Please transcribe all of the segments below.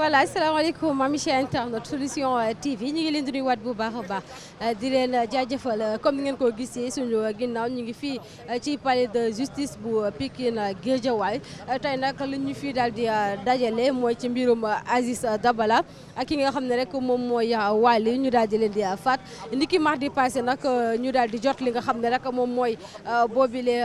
voilà asalaamaaleykum ma chers internautes solution euh, TV ñu ngi leen di nuyuwaat bu baax a baax euh, di leen euh, jaajafal comme ni ngeen ko gisee suñu ginnaaw ñu ngi fii ci palais de justice bu Pikine géjawaay tey nag li ñu fii daal di dajale mooy ci mbirum Aziz Dabala ak ki nga xam ne rek moom mooy Wally ñu daal di leen di faat niki mardi passé nag ñu daal di jot li nga xam ne rek moom mooy boobile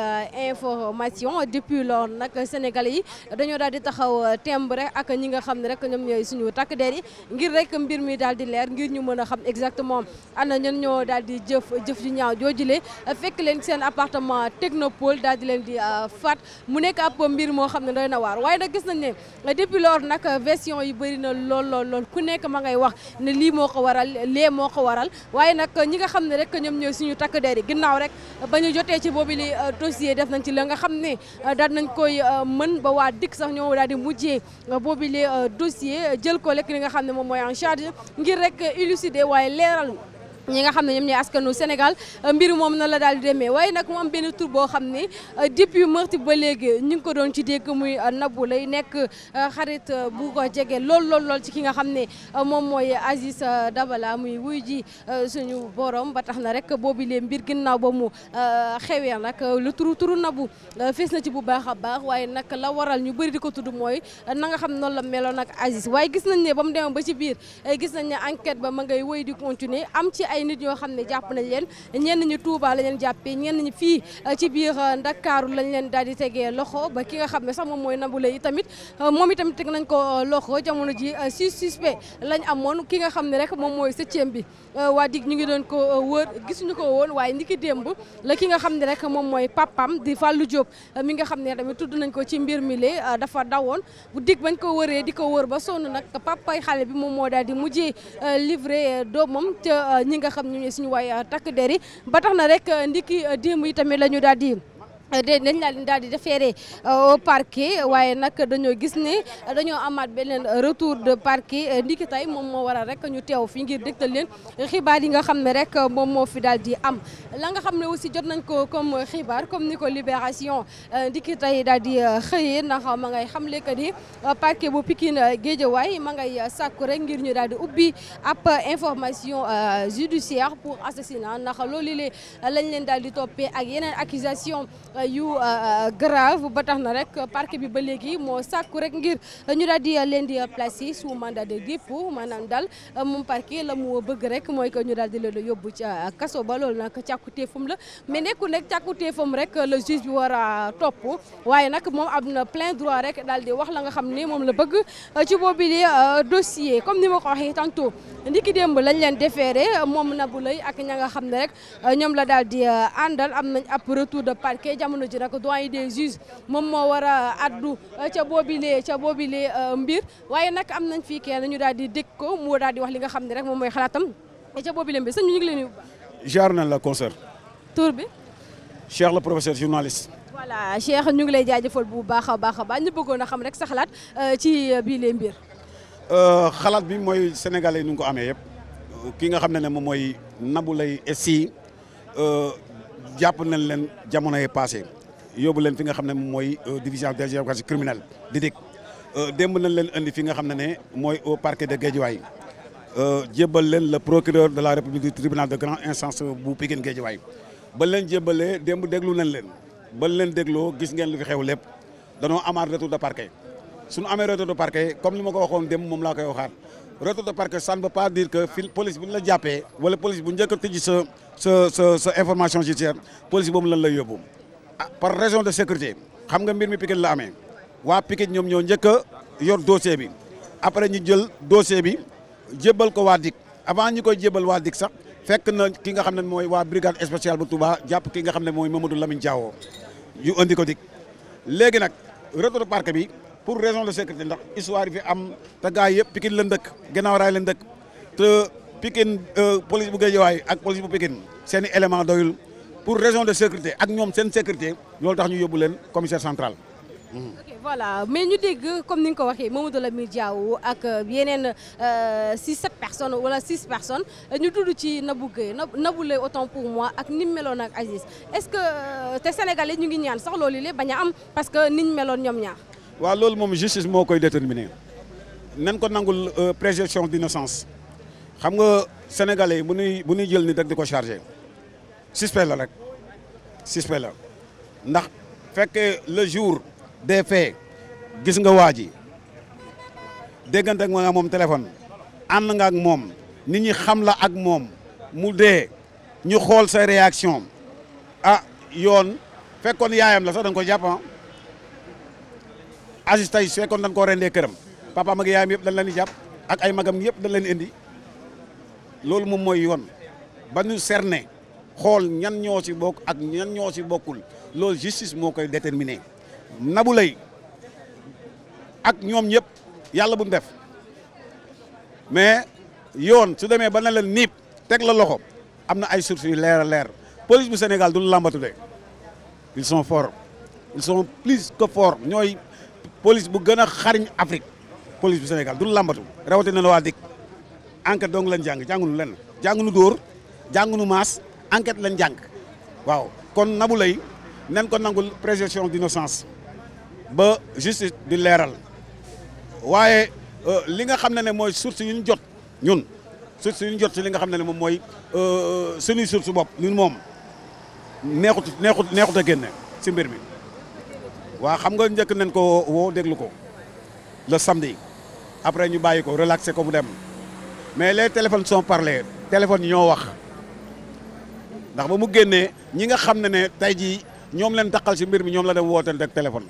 information depuis lors nag sénégal yi dañoo dal di taxaw temb ak ñi nga xam ne rek ñoom ñooy suñu takk der yi ngir rek mbir mi daal di leer ngir ñu mën a xam exactement ana ñan ñoo daal di jëf jëf ju ñaaw joojule fekk leen seen appartement technopole daal di leen di euh, faat mu nekk ab mbir moo xam ne doy na waar waaye nag gis nañ ne depuis lors nag version yi bëri na lool lool lool ku nekk ma ngay wax ne lii moo ko waral lee moo ko waral waaye nag ñi nga xam ne rek ñoom ñooy suñu takk der yi ginnaaw rek ba ñu jotee ci boobu li euh, dossier def nañ ci la nga xam ne euh, daal nañ koy mën ba waa dikk sax ñoo daal di dossier jël ko lekk li nga xam ne moom mooy en charge ngir rek élucider waaye leeral ñi nga xam ne ñoom ñooy askanu Sénégal euh, mbir moom na la daal di demee waaye nag moom benn tur boo xam ne euh, depuis meurtre ba léegi ñu ngi ko doon ci dégg muy euh, Nabou lay nekk xarit bu jege lool lool lool ci ki nga xam ne moom mooy sa Dabala muy wuy ji suñu borom ba tax na rek boobu lee mbir ginnaaw ba mu xewee nag lu turu turu Nabou fees na ci bu baax a baax waaye nag la waral ñu bëri di ko tudd mooy na nga xam noonu la melo ak Aziz waaye gis nañ ne ba mu demee ba ci biir gis nañ ne enquête ba ma ngay wéy di continuer am ci ay nit ñoo xam ne jàpp nañ leen ñenn ñi Touba lañ leen jàppee ñenn ñi fii euh, ci biir euh, Ndakaaru lañ leen daal di tegee loxo ba ki nga xam ne sax moom mooy Nabou Leye tamit euh, moom itamit teg nañ ko loxo jamono ji six suspect lañ amoon ki nga xam ne rek moom mooy septième bi waa dig ñu ngi doon ko wër gisuñu ko woon waaye ni ki démb la ki nga xam ne rek moom mooy papam di Fallou Diop mi nga xam ne tamit tudd nañ ko ci mbir mi lee dafa dawoon bu dig bañ ko wëree di ko wër ba sonn nag papay xale bi moom moo daal di mujjee livre doomam te ñi nga xam ne suñu waay takk der yi ba tax na rek ndiki démb yi tamit la ñu daal di dañ laa daal di déféré euh, au parquet waaye nag dañoo gis ni dañoo amaat beneen retour de parquet euh, ndiki tey moom moo waral rek ñu teew fi ngir dégtal leen xibaar yi nga xam ne rek moom moo fi daal di am la nga xam ne aussi jot nañ ko comme xibaar comme ni ko libération euh, ndiki tey daal di xëyee ndax ma ngay xam le que ni parquet bu Pikine Guédiawaye ma ngay sàkku rek ngir ñu daal di ubbi ab information judiciaire pour assassinat ndax loolu lañ leen daal di toppee ak yeneen accusation Euh, yu euh, euh, grave ba tax na rek parquet bi ba léegi moo sàkku rek ngir ñu daal di leen di place yi sous mandat de dépôt maanaam daal moom parquet la mu bëgg rek mooy que ñu daal di leen yóbbu ci kaso ba loolu nag càkkutéefam la mais nekkul nag càkkutéefam rek le juge bi war a topp waaye nag moom am na plein droit rek daal di wax la nga xam ni moom la bëgg ci boobu li dossier comme ni ma a waxee tantôt ndiki démb lañ leen déféré moom Nabou Leye ak ña nga xam ne rek ñoom la daal di àndal am jamono ji nag doyen des juges moom moo war a addu uh, ca boobile ca boobile uh, mbir waaye nag am nañ fii kenn ñu daal di dégg ko mu daal di wax li nga xam ne rek moom mooy xalaatam e ca boobile mbir sëñ ñu ngi leen nuyu. jaar nañ la concert. tour bi. Cheikh la professeur journaliste. voilà Cheikh ñu ngi lay jaajëfal bu baax a baax a baax ñu bëggoon a xam rek sa xalaat uh, ci biile mbir. xalaat bi mooy sénégalais yi ko amee yëpp ki nga xam ne ne moom mooy Nabou Leye Sy. jàpp nañ leen jamono yi passé yóbbu leen fi nga xam ne mooy euh, division des géographies criminelles di dik euh, démb nañ leen indi fi nga xam ne ne mooy au parquet de Guédiawaye euh, jébbal leen le procureur de la république du tribunal de grande instance bu Pikine Guédiawaye ba leen jébbalee démb déglu nañ leen ba leen dégloo gis ngeen lu fi xew lépp danoo amaat retour de parquet suñu amee retour de parquet comme ni ma ko waxoon démb moom laa koy waxaat retour de parquet ça ne veut pas dire que fii police bu ñu la jàppee wala police bu njëkk a tëj sa sa sa sa information judiciaire police boobu lan lay yóbbu. Ah, par raison de sécurité xam nga mbir mi Pikine la amee waa Pikine ñoom ñoo njëkk a yor dossier bi après ñu jël dossier bi jébbal ko waa dikk avant ñi koy jébbal waa DIC sax fekk na ki nga xam ne mooy waa brigade spéciale bu Touba jàpp ki nga xam ne mooy Mamadou Lamine Diawo yu andi ko DIC léegi nag retour de parquet bi. pour raison de sécurité ndax histoire yi fi am te gars yëpp Pikine leen dëkk gannaaw raay leen dëkk te Pikine euh, police bu Guédiawaye ak police bu Pikine seen i élément doyul pour raison de sécurité ak ñoom seen sécurité loolu tax ñu yóbbu leen commissaire central voilà mais ñu dégg comme ni nga ko waxee Mamadou Lamine Diaw ak euh, yeneen euh, six sept personnes wala six personnes ñu tudd ci Nabou Guèye Nabou Leye autant pour moi ak ni mu meloon ak Aziz est-ce que te Sénégalais ñu ngi ñaan sax loolu lépp bañ a am parce que niñ meloon ñoom ñaar. waaw loolu moom justice moo koy déterminer nan ko nangul euh, présomption d'innocence xam nga sénégalais yi bu nuy bu ñuy jël ni rek di ko chargé suspect la rek suspect la ndax fekkee le jour des faits gis nga waa ji déggante ak nga moom téléphone ànd nga ak moom ni ñi xam la ak moom mu dee ñu xool sa réaction ah yoon fekkoon yaayam la sax da ko jàpp ah. Aziz tey su fekkoon dañ koo rendee këram papaam ak yaayam yëpp dañ leen di jàpp ak ay magam yëpp dañ leen indi loolu moom mooy yoon ba ñu cerner xool ñan ñoo ci bokk ak ñan ñoo ci bokkul loolu justice moo koy déterminer Nabou lay ak ñoom ñëpp yàlla bu mu def mais yoon su demee ba na leen niip teg la loxo am na ay sources yu leer a leer police bu Sénégal du làmbatu de ils sont forts ils sont plus que forts ñooy police bu gën a xariñ Afrique police bu Sénégal du lambatu rawatina la waa DIC enquête dong lañ jàng jàngunu leen jàngunu dóor jàngunu maas enquête lañ jàng waaw kon Nabou Leye nen ko nangul présomption d'innocence ba justice di leeral waaye euh, li nga xam ne ne mooy source yu ñu jot ñun source yu ñu jot ci li nga xam ne ne moom mooy euh, euh, suñuy source bopp ñun moom neexut neexut neexut a génne si mbir mi waaw xam nga njëkk nañ ko woo déglu ko le samedi après ñu bàyyi ko relaxé ko mu dem mais les téléphones sont parlés téléphones yi ñoo wax ndax ba mu génnee ñi nga xam ne ne tey jii ñoom leen taqal si mbir mi ñoom la dem wooteel rek téléphone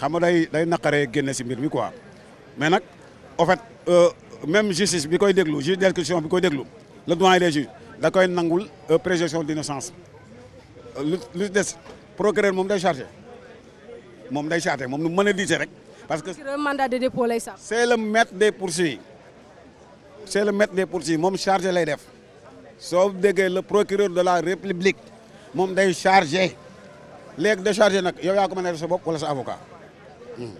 xam nga day day naqaree génne si mbir mi quoi mais nag en fait euh, même justice bi koy déglu juge d'instruction bi koy déglu le doyen des juges da koy nangul euh, présomption d'innocence euh, lu lu des. procureur moom day chargé moom day chargé moom nu mën a diise rek. parce que mandat de lay sax. c' est le maître des poursuites c' est le maître des poursuites moom chargé lay def soo déggee le procureur de la république moom day chargé léegi déchargé nag yow yaa ko mën a def sa wala sa avocat. Hmm.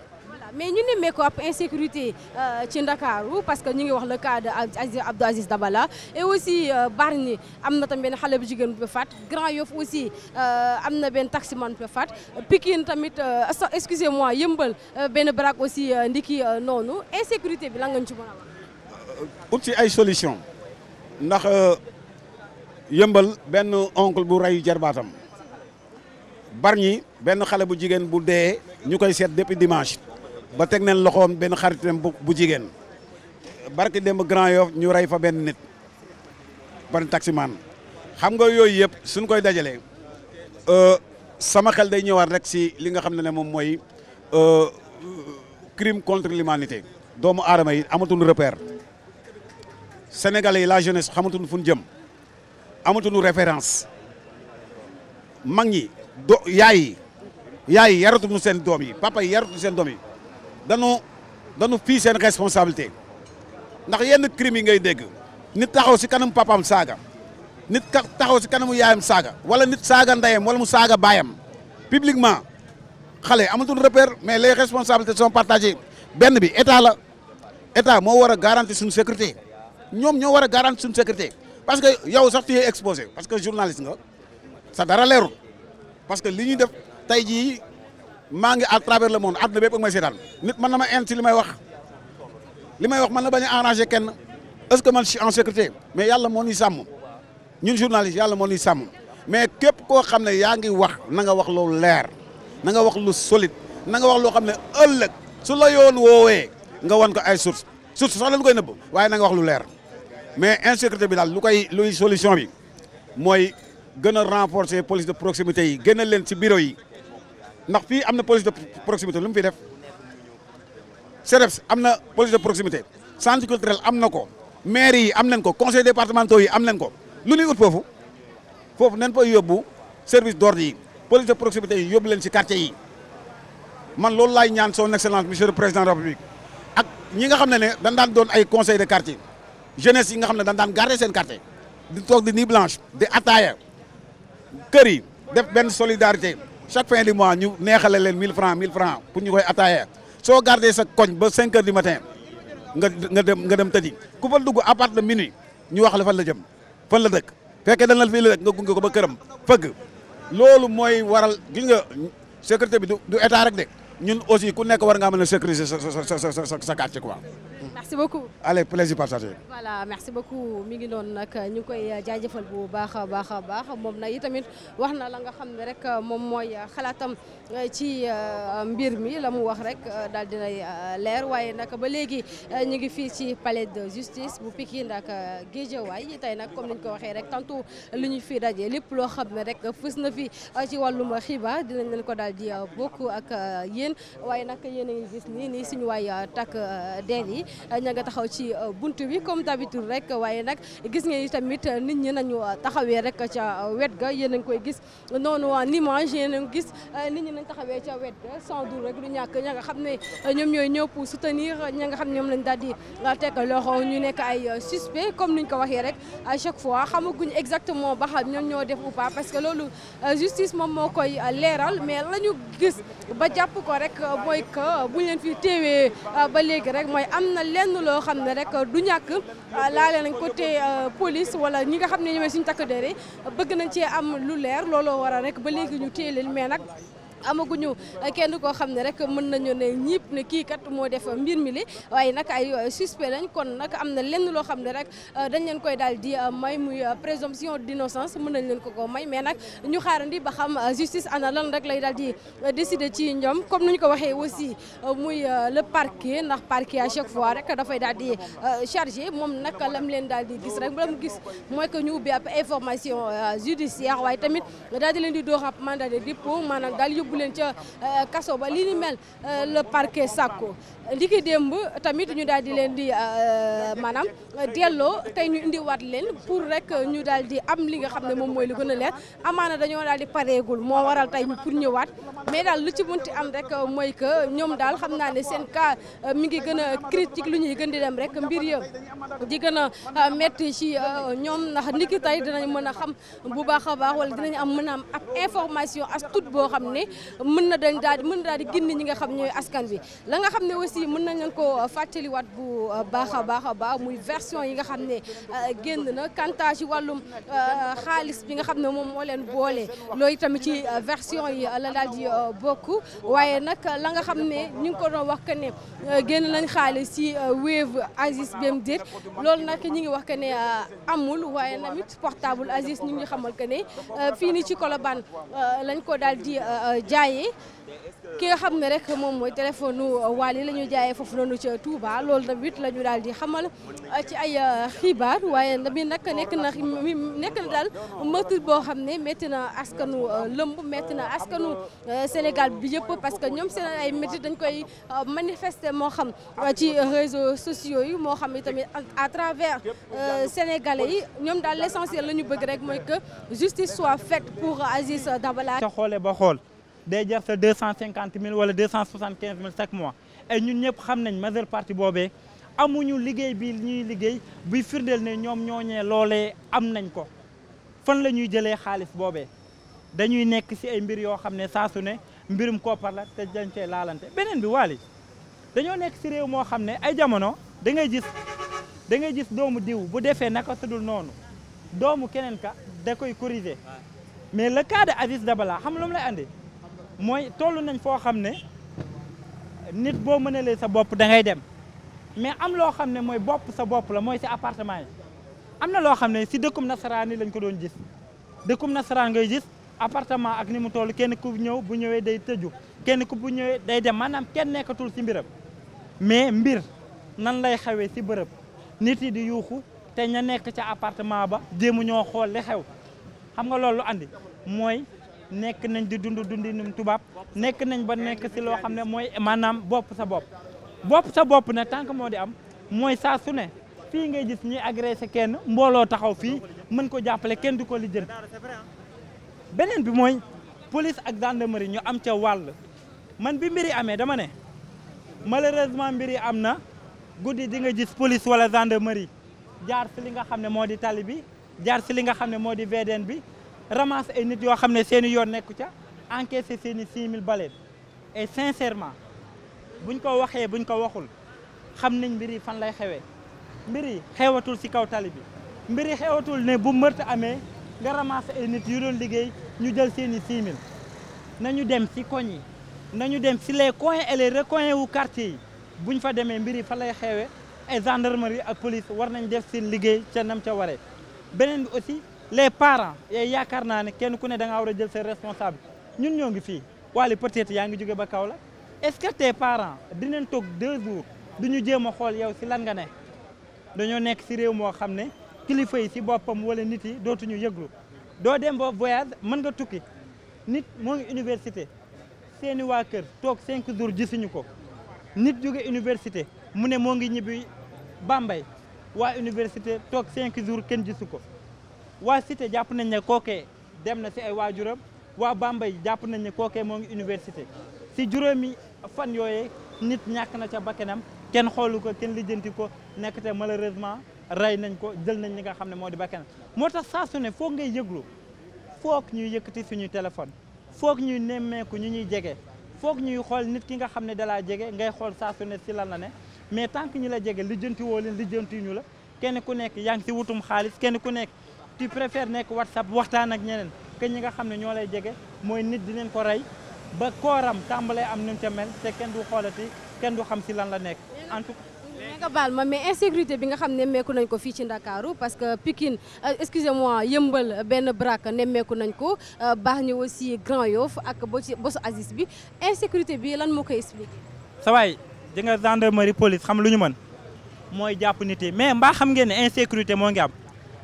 mais ñu nemmeeku ab insécurité euh, ci Ndakaaru parce que ñu ngi wax le cas de Abdou Aziz Dabala et aussi euh, Bargny am na tamit benn xale bu jigéen bu faat Grand Yoff aussi euh, am na benn taximan bu fat Pikine tamit excusez-moi yëmbal benn baraak aussi ndiki noonu insécurité bi lan nga ñu ci mën a ut ci ay solution ndax yëmbal benn oncle bu rayu jarbaatam Bargny benn xale bu jigéen bu dee ñu koy seet depuis dimanche. ba teg nañ loxoom benn xaritam bu jigéen barki dem Grand Yoff ñu rey fa benn nit ban taximaan xam nga yooyu yëpp suñ koy dajalee euh, sama xel day ñëwaat rek si li nga xam ne ne moom mooy euh, crime contre l'humanité doomu aadama yi amatuñu repère sénégalais yi la jeunesse xamatuñu fu ñu jëm amatu amatuñu référence mag ñi do yaay yi yaay yi yaratuñu seen doom yi papa yi yaratuñu seen doom yi danu dañu fii seen responsabilité ndax yenn crime yi ngay dégg nit taxaw si kanam papaam saaga nit taxaw si kanam yaayam saaga wala nit saaga ndeyam wala mu saaga baayam publiquement xale amatul repère mais les responsabilités sont partagées benn bi état la état moo war a garantir suñu sécurité ñoom ñoo war a garantir suñu sécurité parce que yow sax tu exposé parce que journaliste nga sax dara leerul parce que li ñuy def tey ji maa ngi à travers le monde àdduna bépp ak may seetaan nit man na ma indi ci li may wax li may wax man na bañ a kenn est-ce que man je en sécurité mais yàlla moo ñuy sàmm ñun journaliste yàlla moo yi sàmm mais képp koo xam ne yaa ngi wax na nga wax lu leer na nga wax lu solide na nga wax loo xam ne ëllëg su la yoon woowee nga wan ko ay source source sax la lu koy nëbb waaye nanga wax lu leer mais insécurité bi daal lu koy luy solution bi mooy gën a renforcer police de proximité yi génne leen ci bureau yi ndax fii am na police de proximité lu mu fi def CREPS am na police de proximité centre am na ko maire yi am nañ ko conseil départementaux yi am nañ ko lu ñuy ut foofu foofu nañ koy yóbbu service d'ordre yi police de proximité yi yóbbu leen ci quartier yi man loolu laay ñaan soon excellence monsieur le président de la république ak ñi nga xam ne ne dañ daan doon ay conseil de quartier jeunesse yi nga xam ne dañ daan garder seen quartier di toog di nuit blanche di ataaya kër yi def benn solidarité chaque fin du mois ñu neexale leen 1000 francs 1000 francs pour ñu koy attaaya soo gardee sa koñ ba 5 heures du matin nga dem nga dem tëddi ku fa dugg à partir de minuit ñu wax la fan la jëm fan la dëkk fekkee dañ la fii la dëkk nga gunge ko ba këram fëgg loolu mooy waral gi nga sécurité bi du état rek de ñun aussi ku nekk war ngaa mën a sécuriser sa sa sa sa sa quartier merci beaucoup. allez plaisir partagé. voilà merci beaucoup mi ngi noonu nag ñu koy jaajëfal bu baax a baax a baax moom nag itamit wax na la nga xam ne rek moom mooy xalaatam ci euh, mbir mi la mu wax rek euh, daal dinay euh, leer waaye nag ba léegi ñu ngi fii ci palais de justice bu Pikine ak Guédiawaye tey nag comme ni ñu ko waxee rek tantu li ñu fi daje lépp loo xam ne rek fës na fi ci wàllum xibaar dinañ leen ko daal di bokk ak yéen waaye nag yéen a ngi gis nii nii suñu waay takk der yi ña nga taxaw ci euh, bunt bi comme d'habitude rek waaye nag gis ngeen i tamit euh, nit ñi nañu euh, taxawee rek ca wet ga yéen a ngi koy gis noonu en a ngi gis nit ñi nañ taxawee ca wet ga sans doute rek du ñàkk ña nga xam ne ñoom ñooy ñëw pour soutenir ña nga xam ne ñoom lañ daal di teg loxo ñu nekk ay suspect comme niñ ko waxee rek à chaque fois xamaguñ exactement ba xam ñoom ñoo def parce que loolu justice moom moo koy leeral mais la gis ba jàpp ko rek mooy que buñ leen fi téewee ba léegi rek mooy am na leen lenn loo xam ne rek du ñàkk euh, laale nañ côté euh, police wala ñi nga xam ne ñoomee suñu takk dere bëgg nañ cee am lu leer looloo waral rek ba léegi ñu téye leen mais nag amaguñu kenn koo xam ne rek mën nañu ne ñipp ne kii kat moo def mbir mi li waaye nag ay suspect lañ kon nag am na lenn loo xam ne rek euh, dañ leen koy daal di euh, may muy euh, présomption d'innocence mën nañ leen ko ko may mais nag ñu xaarandi ba xam justice ana lan rek lay daal di décider ci ñoom comme nuñ ko waxee aussi muy le parquet ndax parquet à chaque fois rek dafay daal di chargé moom nag lam leen daal di gis rek mu gis mooy que ñu ubbi ab information judiciaire waaye tamit daal di leen di doox ab mandat de dépôt maanaam daal yóbbu leen ca euh, kaso ba li ni euh, le parque sàkko liki démb tamit ñu daal di leen di euh, maanaam delloo tey ñu indiwaat leen pour rek ñu daal di am li nga xam ne moom mooy lu gën a leer amaana dañoo daal di pareegul moo waral tey ñu pour ñëwaat mais daal lu ci munti am rek mooy que ñoom daal xam naa ne seen cas euh, mi ngi gën a critique lu ñuy gën di dem rek mbir ya di gën a euh, metti ci ñoom nax niki tey dinañ mën a xam bu baax a baax dinañ am mën am ak information as boo xam ne mën na dañ daal mën na di gindi ñi nga xam ñooy askan bi la nga xam ne aussi aussi mën nañ leen koo fàttaliwaat bu euh, baax a baax a baax muy version yi nga xam ne euh, génn na kanta ci wàllum euh, xaalis bi nga xam ne moom moo leen boole loolu tamit ci version yi la daal bokk waaye nag la nga xam ne ñu ngi ko doon wax que ne génn nañ xaalis ci Wave Aziz bem déet loolu nag ñu ngi wax que ne amul waaye tamit portable Aziz ñu ngi xamal que ne fii ni ci Colobane lañ ko daal di jaayee ki nga xam ne rek moom mooy téléphone yi la ñu jaayee foofu noonu ci Touba loolu tamit la ñu daal di xamal uh, ci ay uh, xibaar waaye tamit nag nekk na nekk na daal meurtre boo xam ne métti na askanu uh, lëmb métti na askanu Sénégal bi yëpp parce que ñoom seen ay métti dañ koy manifester moo xam ci réseaux sociaux yi moo xam tamit à travers sénégalais yi ñoom daal l'essentiel la ñu bëgg rek mooy que justice soit faite pour Aziz Dabala. ca xoolee ba xool. day jar sa deux cent cinquante mille wala deux cent soixante quinze mille chaque mois ay ñun ñëpp xam nañ majeure partie boobee amuñu liggéey bii ñuy liggéey buy firndeel ne ñoom ñooñee loolee am nañ ko fan la ñuy jëlee xaalis boobee dañuy nekk si ay mbir yoo xam ne saa ne mbirum koppar la te dañ cee laalante beneen bi waali dañoo nekk si réew moo xam ne ay jamono da ngay gis da ngay gis doomu diw bu defee naka sudul noonu doomu keneen ka da koy corriger mais la cas de Aziz Dabala xam lu mu lay andi mooy toll nañ foo xam ne nit boo mënalee sa bopp da ngay dem mais am loo xam ne mooy bopp sa bopp la mooy si appartement yi am na loo xam ne si dëkkum nasaraan yi lañ ko doon gis dëkkum nasaraan ngay gis appartement ak ni mu toll kenn ku ñëw bu ñëwee day tëju kenn ku bu ñëwee day dem maanaam kenn nekkatul si mbiram mais mbir nan lay xewee si bërëb nit yi di yuuxu te ña nekk ca appartement ba jéemu ñoo xool li xew xam nga loolu andi mooy nekk nañ di dund dundinum tubaab nekk nañ ba nekk si loo xam ne mooy maanaam bopp sa bopp bopp sa bopp nag tant que moo di am mooy saa su ne fii ngay gis ñuy agressé kenn mbooloo taxaw fii mën ko jàppale kenn di ko li jël beneen bi mooy police ak gendarmerie ñu am ca wàll man bi mbiri amee dama ne malheureusement mbiri am na guddi di nga gis police wala gendarmerie jaar si li nga xam ne moo di tali bi jaar si li nga xam ne moo di VDN bi ramasse ay nit yoo xam ne seen i yoon nekku ca encaissé seen i 6000 balais et sincèrement buñ ko waxee buñ ko waxul xam nañ mbir yi fan lay xewee mbir yi xewatul si kaw talibi bi mbir yi xewatul ne bu mërt amee nga ramasse ay nit yu doon liggéey ñu jël seen i 6000 nañu dem si koñ yi nañu dem si les coins et les recoins wu quartier yi buñ fa demee mbir yi fan lay xewee ay gendarmerie ak police war nañ def seen liggéey ca nam ca waree beneen bi aussi. les parent yooyu yaakaar naa ne kenn ku ne da ngaa war a jël seen responsable ñun ñoo ngi fii wala peut-être yaa ngi jóge ba kaw la est-ce que tes parents dinañ toog deux jours du ñu jéem a xool yow si lan nga ne dañoo nekk si réew moo xam ne kilifa yi si boppam wala nit yi dootuñu yëglu doo dem ba voyage mën nga tukki nit moo ngi université seeni waa kër toog cinq jours gisuñu ko nit jóge université mu ne moo ngi ñibbi Bambey waa université toog cinq jours kenn gisu ko waa site jàpp nañ ne kookee dem na si ay waajuram waa Bambey jàpp nañ ne kookee moo ngi université si juróomi fan yooyee nit ñàkk na ca bakkanam kenn xoolu ko kenn lijjanti ko nekk te malheureusement rey nañ ko jël nañ li nga xam ne moo di bakkanam moo tax saa ne foog ngay yëglu foog ñuy yëkkati suñuy téléphone foog ñuy nemmeeku ñu ñuy jege foog ñuy xool nit ki nga xam ne dalaa jege ngay xool saa ne si lan la ne mais tant que ñu la jege lijjanti woo leen lijjanti la kenn ku nekk yaa ngi si wutum xaalis kenn ku nekk tu préfères nekk whatsapp waxtaan ak ñeneen que ñi nga xam ne ñoo lay jege mooy nit di ko rey ba kooram tàmbalee am nu ca mel te kenn du xoolati kenn du xam si lan la nekk en tout cas baal ma mais insécurité bi nga xam nemmeeku nañ ko fii ci Ndakaaru parce que Pikine euh, excusez-moi yëmbal benn braque nemmeeku nañ ko euh, baax ñu aussi Grand Yoff ak bo ci bosu Aziz bi insécurité bi lan moo koy expliquer sa waay di nga gendarmerie police xam lu ñu man mooy jàpp nit mais mbaa xam ngeen ne insécurité moo ngi am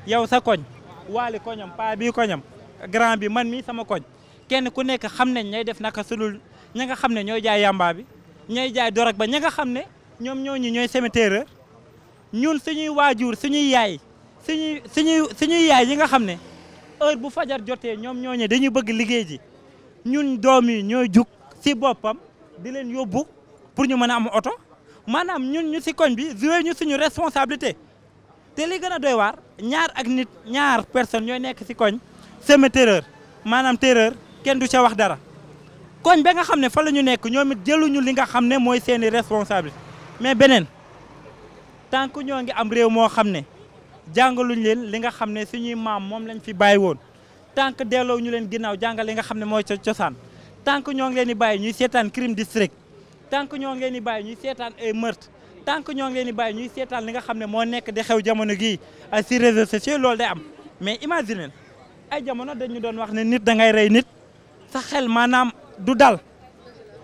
yow sa koñ waali koñam paa bii koñam grand bi man mii sama koñ kenn ku nekk xam nañ ñay def naka sulul ña nga xam ne ñooy jaay yamba bi ñay jaay dorog ba ña nga xam ne ñoom ñooñu ñooy cimetière ñun suñuy waajur suñuy yaay suñuy suñuy suñuy yaay yi nga xam ne heure bu fajar jotee ñoom ñoo ñooñu dañuy bëgg liggéey ji ñun doom yi ñooy jug si boppam di leen yóbbu pour ñu mën a am oto maanaam ñun ñu si koñ bi joué ñu suñu responsabilité te li gën a doy waar ñaar ak nit ñaar personne ñooy nekk si koñ seme terreur maanaam terreur kenn du ca wax dara koñ ba nga xam ne fa la ñu nekk ñoom it jëluñu li nga xam ne mooy seeni responsabilité mais beneen tant ñoo ngi am réew moo xam ne jàngaluñ leen li nga xam ne suñuy maam moom lañ fi bàyyi woon tant que delloo ñu leen ginnaaw jàngal nga xam ne mooy cosaan tant ñoo ngi leen di bàyyi ñuy seetaan crime district tant que ñoo ngi leen di ñuy seetaan ay meurtre tant que ñoo ngi leen di bàyyi ñuy seetaan li nga xam ne moo nekk di xew jamono gii ah, si réseaux sociaux loolu day am mais imagine ay jamono dañu doon wax ne nit da ngay rey nit sa xel maanaam du dal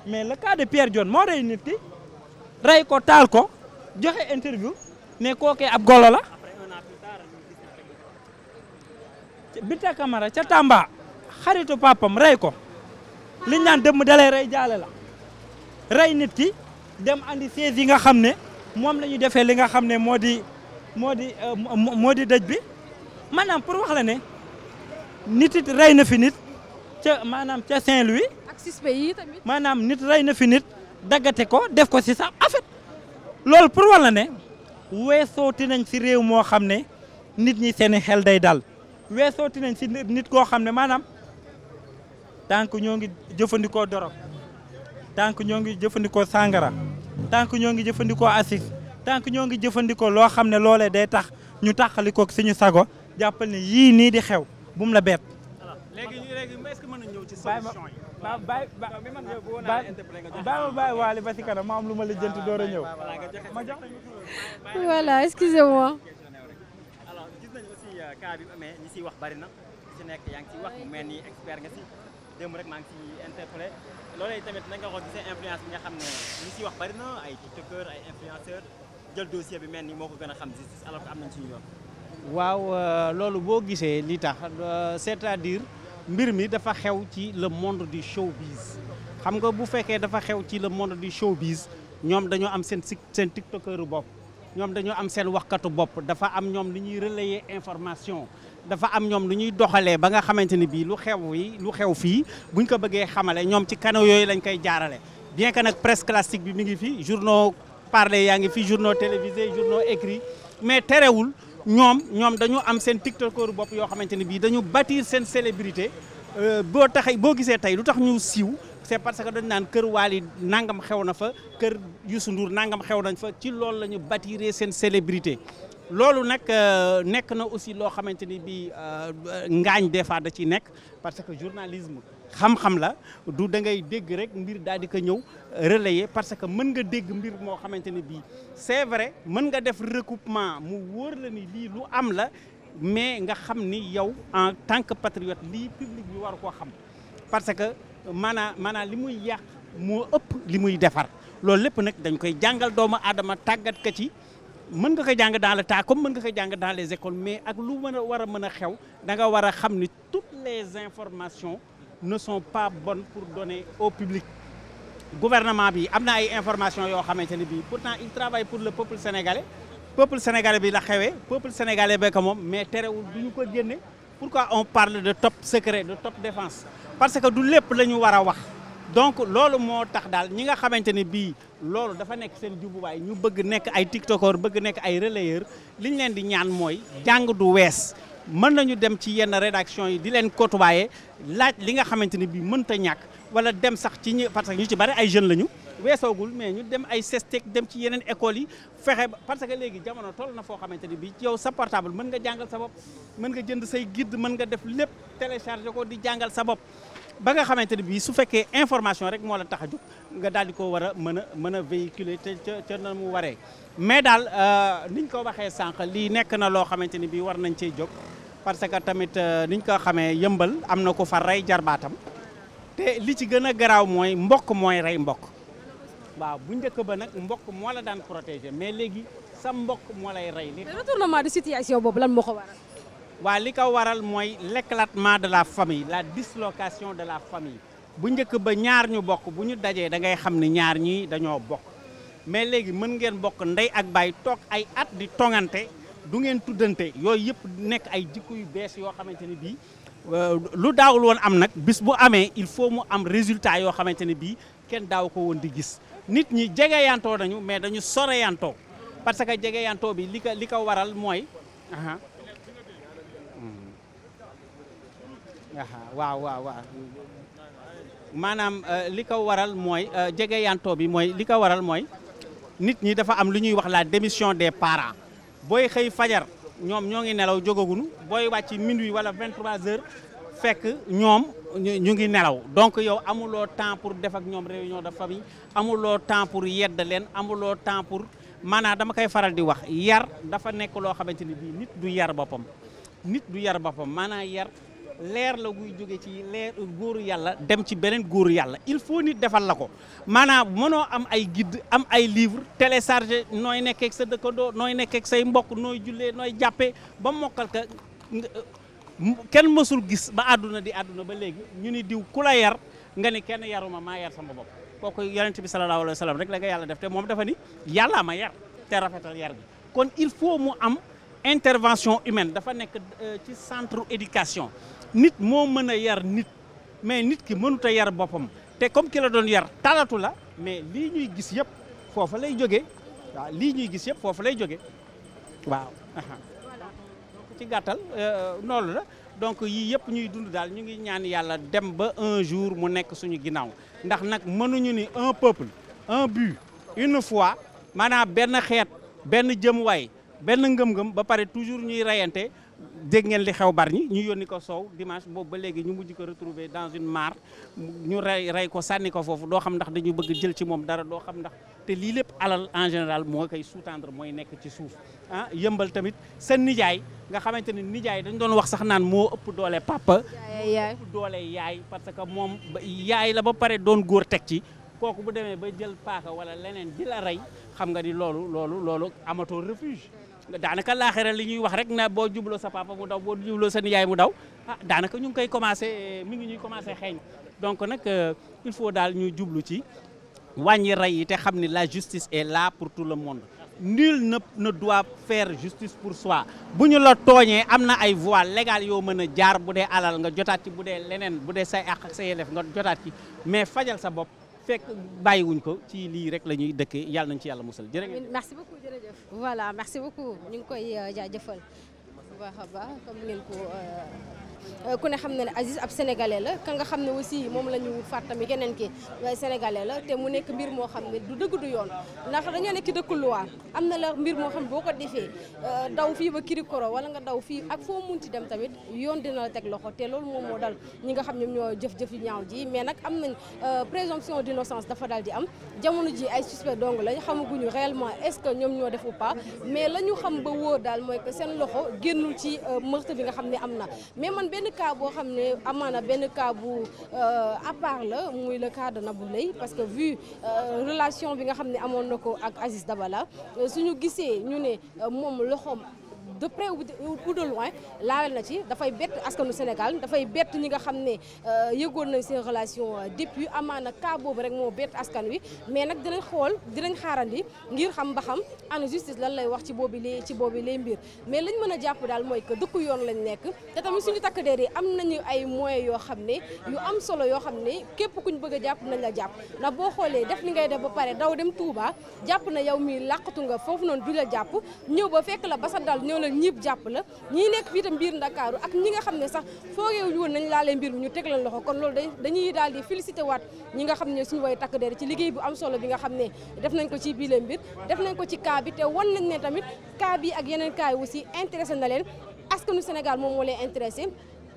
mais le cas de Pierre Dione moo rey nit ki rey ko taal ko joxe interview ne kookee ab golo la Binta Camara ca Tamba xaritu papam rey ko liñ naan dëmm dalay rey jaale la rey nit ki dem andi sees yi nga xam ne moom la ñu defee li nga xam ne moo di moo di euh, moo di dëj bi maanaam pour wax la ne nitit rey na fi nit ca maanaam ca Saint-Louis. ak suspect tamit. maanaam nit rey na fi nit daggate ko def ko si sax en loolu pour wax la ne weesooti nañ si réew moo xam ne nit ñi seeni xel day daal dal weesooti nañ si nit koo xam ne maanaam tant ñoo ngi jëfandikoo dorog tant ñoo ngi jëfandikoo sàngara. tant ñoo ngi jëfandikoo assis tant que ñoo ngi jëfandikoo loo xam ne loolee day tax ñu tàqalikook suñu sago jàppal ne yii nii di xew bu la bett. léegi léegi est que mën na ñëw ci solution yi. ba bay ba si kanam ma am lu ma la jënt door a ñëw. ma jox voilà excusez-moi. alors nañu aussi euh, cas bi amee ñi siy wax bari na ci nekk yaa ngi siy wax mu mel ni expert nga si loolee tamit na nga ko gisee influence bi nga xam ne ñu siy wax bari na ay tiktokeur ay influenceur jël dossier bi mel ni moo ko gën a xam justice alors que am nañ ci yoon. waaw euh, loolu boo gisee li tax euh, c'est-à-dire mbir mi dafa xew ci le monde du showbiz xam nga bu fekkee dafa xew ci le monde du showbiz ñoom dañoo am seen seen tiktokeuru bopp ñoom dañoo am seen waxkatu bopp dafa am ñoom li ñuy relayer information dafa am ñoom lu ñuy doxalee ba nga xamante ni bii lu xew yi lu xew fii buñ ko bëggee xamale ñoom ci canaux yooyu lañ koy jaarale bien que nag presse classique bi mi ngi fi journaux parlé yaa ngi fi journaux télévisés journaux écrits mais terewul ñoom ñoom dañu am seen tiktokeur bopp yoo xamante ni bii dañu bâtir seen célébrité euh, boo taxay boo gisee tey lu tax ñu siiw c'est parce que dañ naan kër Waly nangam xew na fa kër Youssou Ndour nangam xew nañ fa ci loolu la ñu bâtiree seen célébrité loolu nag euh, nekk na aussi loo xamante ni bii euh, ngaañ des fois da ciy nekk parce que journalisme xam-xam la du da ngay dégg rek mbir daal di ko ñëw euh, relayer parce que mën nga dégg mbir moo xamante ni bii c'est vrai mën nga def recoupement mu wóor la ni lii lu am la mais nga xam ni yow en tant que patriote lii public bi war koo xam parce que maanaam maanaam li muy yàq moo ëpp li muy defar loolu lépp nag dañ koy jàngal doomu aadama tàggat ka ci mën nga ko jàng dans le tas comme mën nga ko jàng dans les écoles mais ak lu mën a a mën a xew danga nga a xam ni toutes les informations ne sont pas bonnes pour donner au public le gouvernement bi am na ay informations yoo xamante ne bii pourtant il travaille pour le peuple sénégalais le peuple sénégalais bi la xewee peuple sénégalais bee moom mais terewul du ñu ko génne pourquoi on parle de top secret de top défense parce que du lépp la ñu war a wax donc loolu moo tax daal ñi nga xamante ne bii loolu dafa nekk seen jubuwaay ñu bëgg nekk ay tiktokeur bëgg nekk ay relayeur li ñu leen di ñaan mooy jàng du wees mën nañu dem ci yenn rédaction yi di leen côtoyer laaj li nga xamante ne bii mënta ñàkk wala dem sax ci ñi parce que ñu ci bari ay jeunes lañu weesoogul mais ñu dem ay sestek dem ci yeneen école yi fexe parce que léegi jamono toll na foo xamante ni bii yow sa portable mën nga jàngal sa bopp mën jënd say guide mën nga def lépp télécharger ko di jàngal sa bopp ba nga xamante ne bii su fekkee information rek moo la tax a jóg nga daal di ko war a mën a mën a véhiculer te ca ca na mu waree mais daal euh, niñ ko waxee sànq lii nekk na loo xamante ni bii war nañ cee jóg parce que tamit euh, niñ ko xamee yëmbal am na ko fa rey jarbaatam te li ci gën a garaaw mooy mbokk mooy rey mbokk waaw bu njëkk ba nag mbokk moo la daan protéger mais léegi sa mbokk moo lay rey. li retournement de situation boobu lan moo ko waral. waa li ko waral mooy l'éclatement de la famille la dislocation de la famille bu njëkk ba ñaar ñu bokk bu ñu dajee da ngay xam ni ñaar ñii dañoo bokk mais léegi mën ngeen bokk ndey ak baay toog ay at di tongante du ngeen tuddante yooyu yëpp nekk ay jikku yu bees yoo xamante ni bii euh, lu daawul woon am nag bis bu amee il faut mu am résultat yoo xamante ni bii kenn daaw ko woon di gis nit ñi jegeyantoo dañu mais dañu soreyantoo parce que jegeyantoo bi li ko li ko waral mooy. waaw waaw waaw maanaam euh, li ko waral mooy euh, jege yantoo bi mooy li ko waral mooy nit ñi dafa am lu ñuy wax la démission des parents booy xëy fajar ñoom ñoo ngi nelaw jógagunu booy wàcc minuit wala 23 heures fekk ñoom ñu ngi nelaw donc yow amuloo temps pour def ak ñoom réunion de famille amuloo temps pour yedd leen amuloo temps pour maanaam dama koy faral di wax yar dafa nekk loo xamante ni bii nit du yar boppam nit du yar boppam maanaam yar leer la guy jóge ci leer góor yàlla dem ci beneen góor yàlla il faut nit defal la ko maanaam mënoo am ay gidd am ay livre téléchargé nooy nekkeek sa dëkkandoo nooy nekkeek say mbokk nooy jullee nooy jàppee ba mokkal ka kenn mësul gis ba àdduna di àdduna ba léegi ñu ni diw ku la yar nga ni kenn yaruma maa yar sama bopp kooku yonent bi salallaahu alayhi wa sallam rek la nga yàlla def te moom dafa ni yàlla ma yar te rafetal yar gi kon il faut mu am intervention humaine dafa nekk euh, ci centre éducation nit moo mën a yar nit mais nit ki mënut a yar boppam te comme ki la doon yar talatu la mais lii ñuy gis yëpp foofa lay jóge waaw lii ñuy gis yëpp foofu lay jóge waaw ci gàttal euh, noolu la donc yii yëpp ñuy dund daal ñu ngi ñaan yàlla dem ba un jour mu nekk suñu ginnaaw ndax nag mënuñu ni un peuple un but une fois maanaam benn xeet benn jëmuwaay benn ngëm-ngëm ba pare toujours ñuy reyante dégg ngeen li xew Bargny ñu yónni ko soow dimanche boobu ba léegi ñu mujj ko retrouver dans une mare ñu rey rey ko sànni ko foofu doo xam ndax dañu bëgg jël ci moom dara doo xam ndax te lii lépp alal en général moo koy sous-tendre mooy nekk ci suuf ah yëmbal tamit seen nijaay nga xamante ni nijaay dañ doon wax sax naan moo ëpp doole papa moo doole yaay parce que moom yaay la ba pare doon góor teg ci kooku bu demee ba jël paaka wala leneen di la rey xam nga ni loolu loolu loolu amatoo refuge daanaka laaxira li ñuy wax rek na boo jubloo sa papa mu daw boo jubloo sa nijaay mu daw ah daanaka ñu ngi koy commencé eh, mi ngi ñuy commencé xeeñ donc nag euh, il faut daal ñu jublu ci wàññi rey yi te xam ni la justice est là pour tout le monde nul ne ne doit faire justice pour soi bu ñu la tooñee am na ay voies légales yoo mën a jaar bu dee alal nga jotaat ci bu dee leneen bu dee say àq ak say yelleef nga jotaat ci mais fajal sa bopp fekk bàyyiwuñ ko ci lii rek la ñuy dëkkee yàlla nañ ci yàlla musal jërëjëf merci beaucoup jërëjëf voilà merci beaucoup ñu ngi koy euh, jaajëfal bu baax a baax comme ngeen ko euh, Euh, ku ne xam na ne Aziz ab sénégalais la ka nga xam ne aussi moom la ñu faat tamit keneen ki sénégalais la te mu nekk mbir moo xam ne du dëgg du yoon ndax dañoo nekk dëkk loi am na la mbir moo xam boo ko defee euh, daw fii ba kirikoro wala nga daw fii ak foo munti dem tamit yoon dina teg loxo te loolu moom moo dal ñi nga xam ñoom ñoo jëf-jëf yu ji mais nag am nañ euh, présomption d'innocence dafa dal di am jamono ji ay suspect dong lañ xamaguñu réellement est-ce que ñoom ñoo def ou pas mais la ñu xam ba wóor daal mooy que seen loxo génnul ci meurtre bi nga xam ne am na benn cas boo xam ne na benn cas bu euh, à la muy le cas de Nabou Leye parce que vu euh, relation bi nga xam ne amoon na ko ak Aziz Dabala euh, suñu gisee ñu ne moom loxoom de près ou de loin laawel na ci dafay bett askanu Sénégal dafay bett ñi nga xam ne euh, yëgoon nañ seen relation euh, depuis amaana cas boobu rek moo bett askan wi mais nag dinañ xool dinañ xaarandi ngir xam ba xam ana justice lan lay wax ci boobu lay ci boobu lay mbir mais lañ mën a jàpp daal mooy que dëkku yoon lañ nekk te tamit suñu takk dee yi am nañu ay moyens yoo xam ne yu am solo yoo xam ne képp kuñ bëgg a jàpp nañ la jàpp ndax boo xoolee def li ngay def ba pare daw dem Touba jàpp na yow mi làqatu nga foofu noonu du la jàpp jël ñiib jàpp la ñii nekk fii tam biir Ndakaaru ak ñi nga xam ne sax foo foogeewu woon nañ laa laalee mbir mi ñu teg leen loxo kon loolu day dañuy daal di félicité waat ñi nga xam ne suñu way takk der ci liggéey bu am solo bi nga xam ne def nañ ko ci biile mbir def nañ ko ci cas bi te wan nañ ne tamit cas bi ak yeneen cas yi aussi intéressé na leen askanu Sénégal moom moo leen intéressé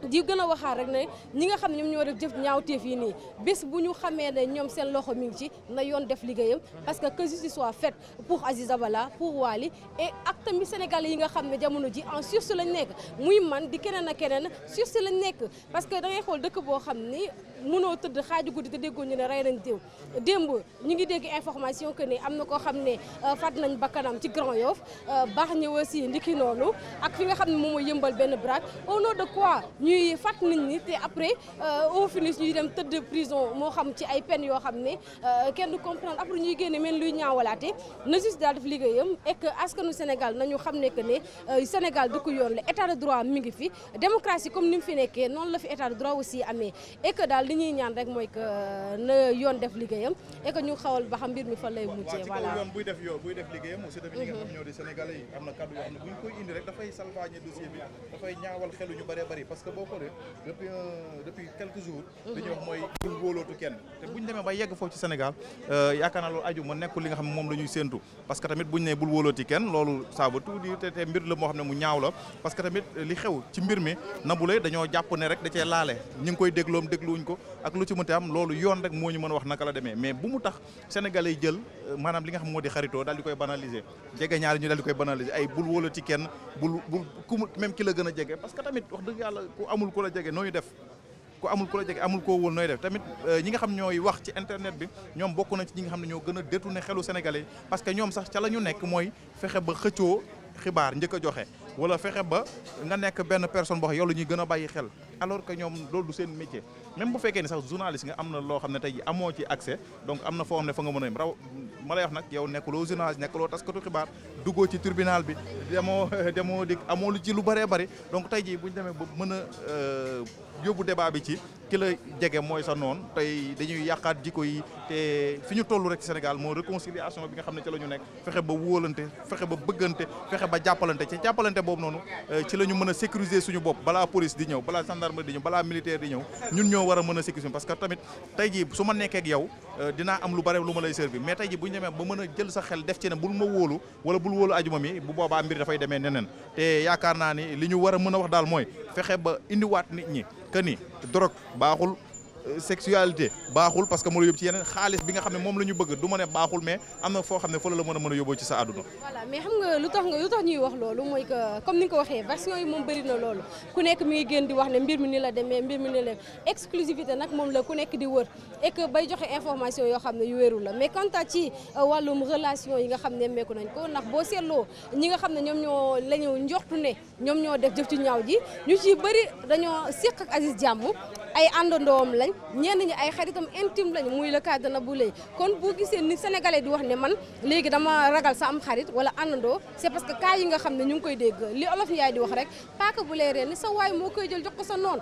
di gën a waxaat rek ne ñi nga xam ne ñoom ñoo def jëf ñaawteef yi nii bés bu ñu xamee ne ñoom seen loxo mi ngi ci na yoon def liggéeyam parce que que justice soit faite pour Aziz Dabala pour Wali et ak tamit sénégalais yi nga xam ne jamono ji en sursis lañ nekk muy man di keneen ak keneen sursis lañ nekk parce que da xool dëkk boo xam ni mënoo tëdd xaaj guddi te déggoo ñu ne rey nañ déw démb ñu ngi dégg information que ni am na koo xam ne euh, faat nañ bakkanam ci Grand Yoff euh, baax ñëw aussi ndiki noonu ak fi nga xam moom mooy yëmbal benn braque ñuy fat nit ñi te après euh, au finish ñuy dem tëdd prison moo xam ci ay peine yoo xam ne euh, kenn du comprendre après ñuy génne mel luy ñaawalaate na juste daal def liggéeyam et askanu Sénégal nañu xam ne ne euh, Sénégal dëkku yoon la état de droit mi ngi fi démocratie comme ni mu fi nekkee noonu la fi état de droit aussi amee et que daal li ñuy ñaan rek mooy que na yoon def liggéeyam et ñu xawal ba xam mbir mi fan lay mujjee voilà yoon yoon buy def liggéeyam mhm. bu ñu koy bi dafay ñaawal xelu ñu boo xoolee euh, mooy bul wóolootu kenn. te bu ñu demee ba yegg foofu ci Sénégal euh, li nga xam ne moom la ñuy séentu parce que tamit bu ñu nee bul wóolooti loolu ça veut tout xam ne mu ñaaw la parce que tamit li xew ci mbir mi Nabou Leye dañoo jàpp ne rek da cee laale ñu ngi koy dégloom dégluwuñ ko ak lu ci mënti am loolu yoon rek moo ñu mën a wax naka la demee mais bu mu tax Sénégalais yi jël euh, maanaam li nga xam moo di xaritoo daal di koy banaliser jege ñaari ñu daal di koy banaliser ay bul wóolooti kenn bul bul ku même ki la gën a jege parce que tamit wax dëgg yàlla ku amul ku la jege nooy def ku amul ko la jege amul koo wóol nooy def tamit euh, ñi nga xam ñooy wax ci internet bi ñoom bokk na ci ñi nga xam ne ñoo gën a détourné xelu sénégalais parce que ñoom sax ca la ñu nekk mooy fexe ba xëccoo xibaar njëkk a joxe wala fexe ba nga nekk benn personne boo xam yow la ñuy gën a bàyyi xel alors que ñoom loolu du seen métier même bu fekkee ni sax journaliste nga am na loo xam ne tey amoo ci accès donc am na foo xam ne fa nga mën a yem raw ma lay wax nag yow nekkuloo journaliste nekkuloo taskatu xibaar duggoo ci tribunal bi demoo demoo dik amoo lu ci lu bëree bëri donc tey jii bu ñu demee ba mën a euh, yóbbu débat bi ci ki jege mooy sa noonu tey dañuy yàqaat jikko yi te fi ñu toll rek ci Sénégal moo réconciliation bi nga xam ne ci la ñu nekk fexe ba wóolante fexe ba bëggante fexe ba jàppalante ci jàppalante boobu noonu euh, ci la ñu mën a sécuriser suñu bopp balaa police di ñëw balaa gendarme gendarmerie di ñëw balaa militaire di ñëw ñun ñoo war a mën a sécurité parce que tamit tey jii su ma nekkee yow euh, dinaa am lu bare lu ma lay servir mais tey ji bu ñu demee ba mën a jël sa xel def ci ne bul ma wóolu wala bul wóolu ajuma mi bu boobaa mbir dafay demee neneen te yaakaar naa ni li ñu war a mën a wax daal mooy fexe ba indiwaat nit ñi que ni drogue baaxul sexualité baaxul parce que moo la yóbbu ci yeneen xaalis bi nga xam ne moom la bëgg du ne baaxul mais am na foo xam ne fa la mën a mën a yóbboo ci sa àdduna voilà mais xam nga lu tax nga lu tax ñuy wax loolu mooy que comme ni nga waxee version yi moom bëri na loolu ku nekk mi ngi gën di wax ne mbir mi ni la demee mbir mi ni la exclusivité nag moom la ku nekk di wër et bay joxe information yoo xam ne yu wéeru la mais quant à ci euh, wàllum relation yi nga xam ne meeku nañ ko ndax boo seetloo ñi nga xam ne ñoo la ñu njortu ne ñoom ñoo ñenn ñi ay xaritam intime lañu muy le cas de bu Leye kon boo gisee ni sénégalais di wax ne man léegi dama ragal sa am xarit wala àndandoo c'est parce que cas yi nga xam ne ñu ngi koy dégg li olof Njaay di wax rek paaka bu lay reen ni sa waay moo koy jël jox ko sa noon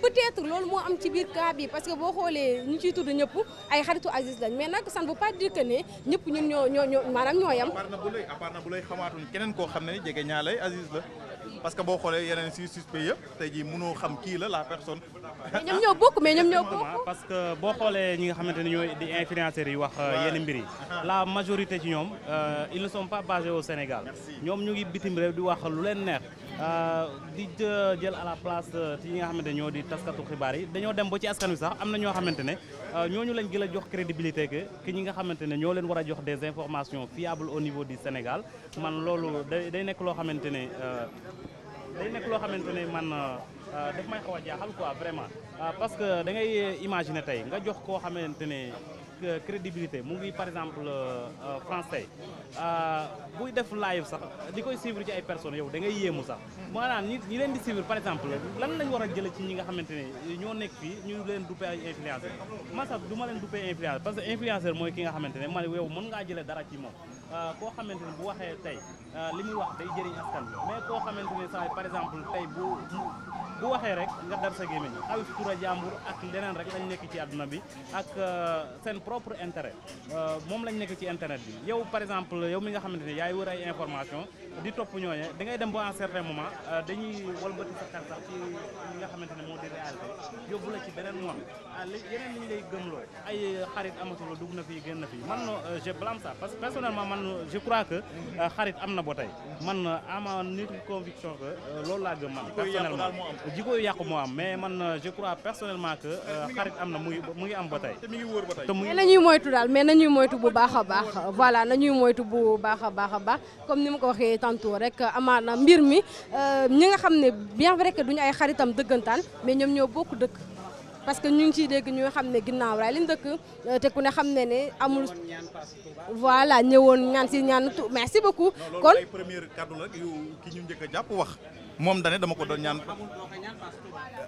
peut-être loolu moo am ci biir cas bi parce que boo xoolee ñu ciy tudd ñëpp ay xaritu Aziz lañ mais nag san ne veut pas dire que ne ñëpp ñun ñoo ñoo ñoo maanaam ñoo yam. à part Nabou xamaatuñ keneen koo xam ne jege ñaa lay parce que boo xoolee yeneen si suspect yëpp tey jii mënoo xam kii la la personne. mais ñoom ñoo bokk mais ñoom ñoo bokk. parce que boo xoolee ñi nga xamante ne ñooy di influenceurs yi wax yenn mbiri uh-huh. la majorité ci ñoom euh, ils ne sont pas basés au Sénégal. ñoom ñu ngi bitim réew di wax lu leen neex. Euh, di jël à la place euh, ci ñi nga xamante ñoo di taskatu xibaar yi dañoo dem ba ci askan wi sax am na ñoo xamante ne euh, ñooñu lañ gën a jox crédibilité que ki ñi nga xamante ne ñoo leen war a jox des informations fiables au niveau du Sénégal man loolu day day nekk loo xamante ne day loo xamante ne man daf may xaw a jaaxal quoi vraiment parce que da ngay imaginer tey nga jox koo xamante ne crédibilité mu ngi par exemple euh, euh, France euh, tey def live sax di koy suivre ci ay personnes yow da ngay yéemu sax maanaam ñi ñi leen di suivre par exemple lan lañ war a jële ci ñi nga xamante ne ñoo nekk fii ñu leen duppee ay influenceur man sax du ma leen duppee influenceur mooy ki nga xamante ne man yow mën ngaa jële dara ci moom Euh, koo xamante ne bu waxee tey euh, li muy wax day jëriñ askan bi mais koo xamante ne saa par exemple tey bu bu waxee rek nga dar sa gémmiñ awif tura jàmbur ak leneen rek lañ nekk ci àdduna bi ak euh, seen propre intérêt moom lañ nekk ci internet bi yow par exemple yow mi nga xamante ne yaay wër ay information di topp ñooñe da ngay dem ba un certain moment dañuy walbati sa xel sax ci li nga xamante ne moo di réalité yóbbu la ci beneen moom ah li yeneen liñ lay ay xarit amatuloo dugg na fi génn na fi man euh, je blâme ça parce que personnellement man je crois que euh, xarit am na ba tey man ama nit conviction que euh, loolu laa gëm man personnellement jikko yu yàqu moo am mais man je crois personnellement que xarit am na mu ngi mu am ba tey te mu ngi wóor ba tey nañuy moytu daal mais nañuy moytu bu baax a baax voilà nañuy moytu bu baax a baax a baax comme ni ma ko waxee tantôt rek amaana mbir mi ñi nga xam ne bien vrai que duñu ay xaritam dëggantaan mais ñoom ñoo bokk dëkk parce que ñu ngi ciy dégg ñu xam ne ginnaaw raay liñ dëkk euh, te ku ne xam ne ne amul voilà ñëwoon ñaan si ñaan tu merci beaucoup kon première kaddu la yu ki ñu njëkk a jàpp wax moom dane dama ko doon ñaan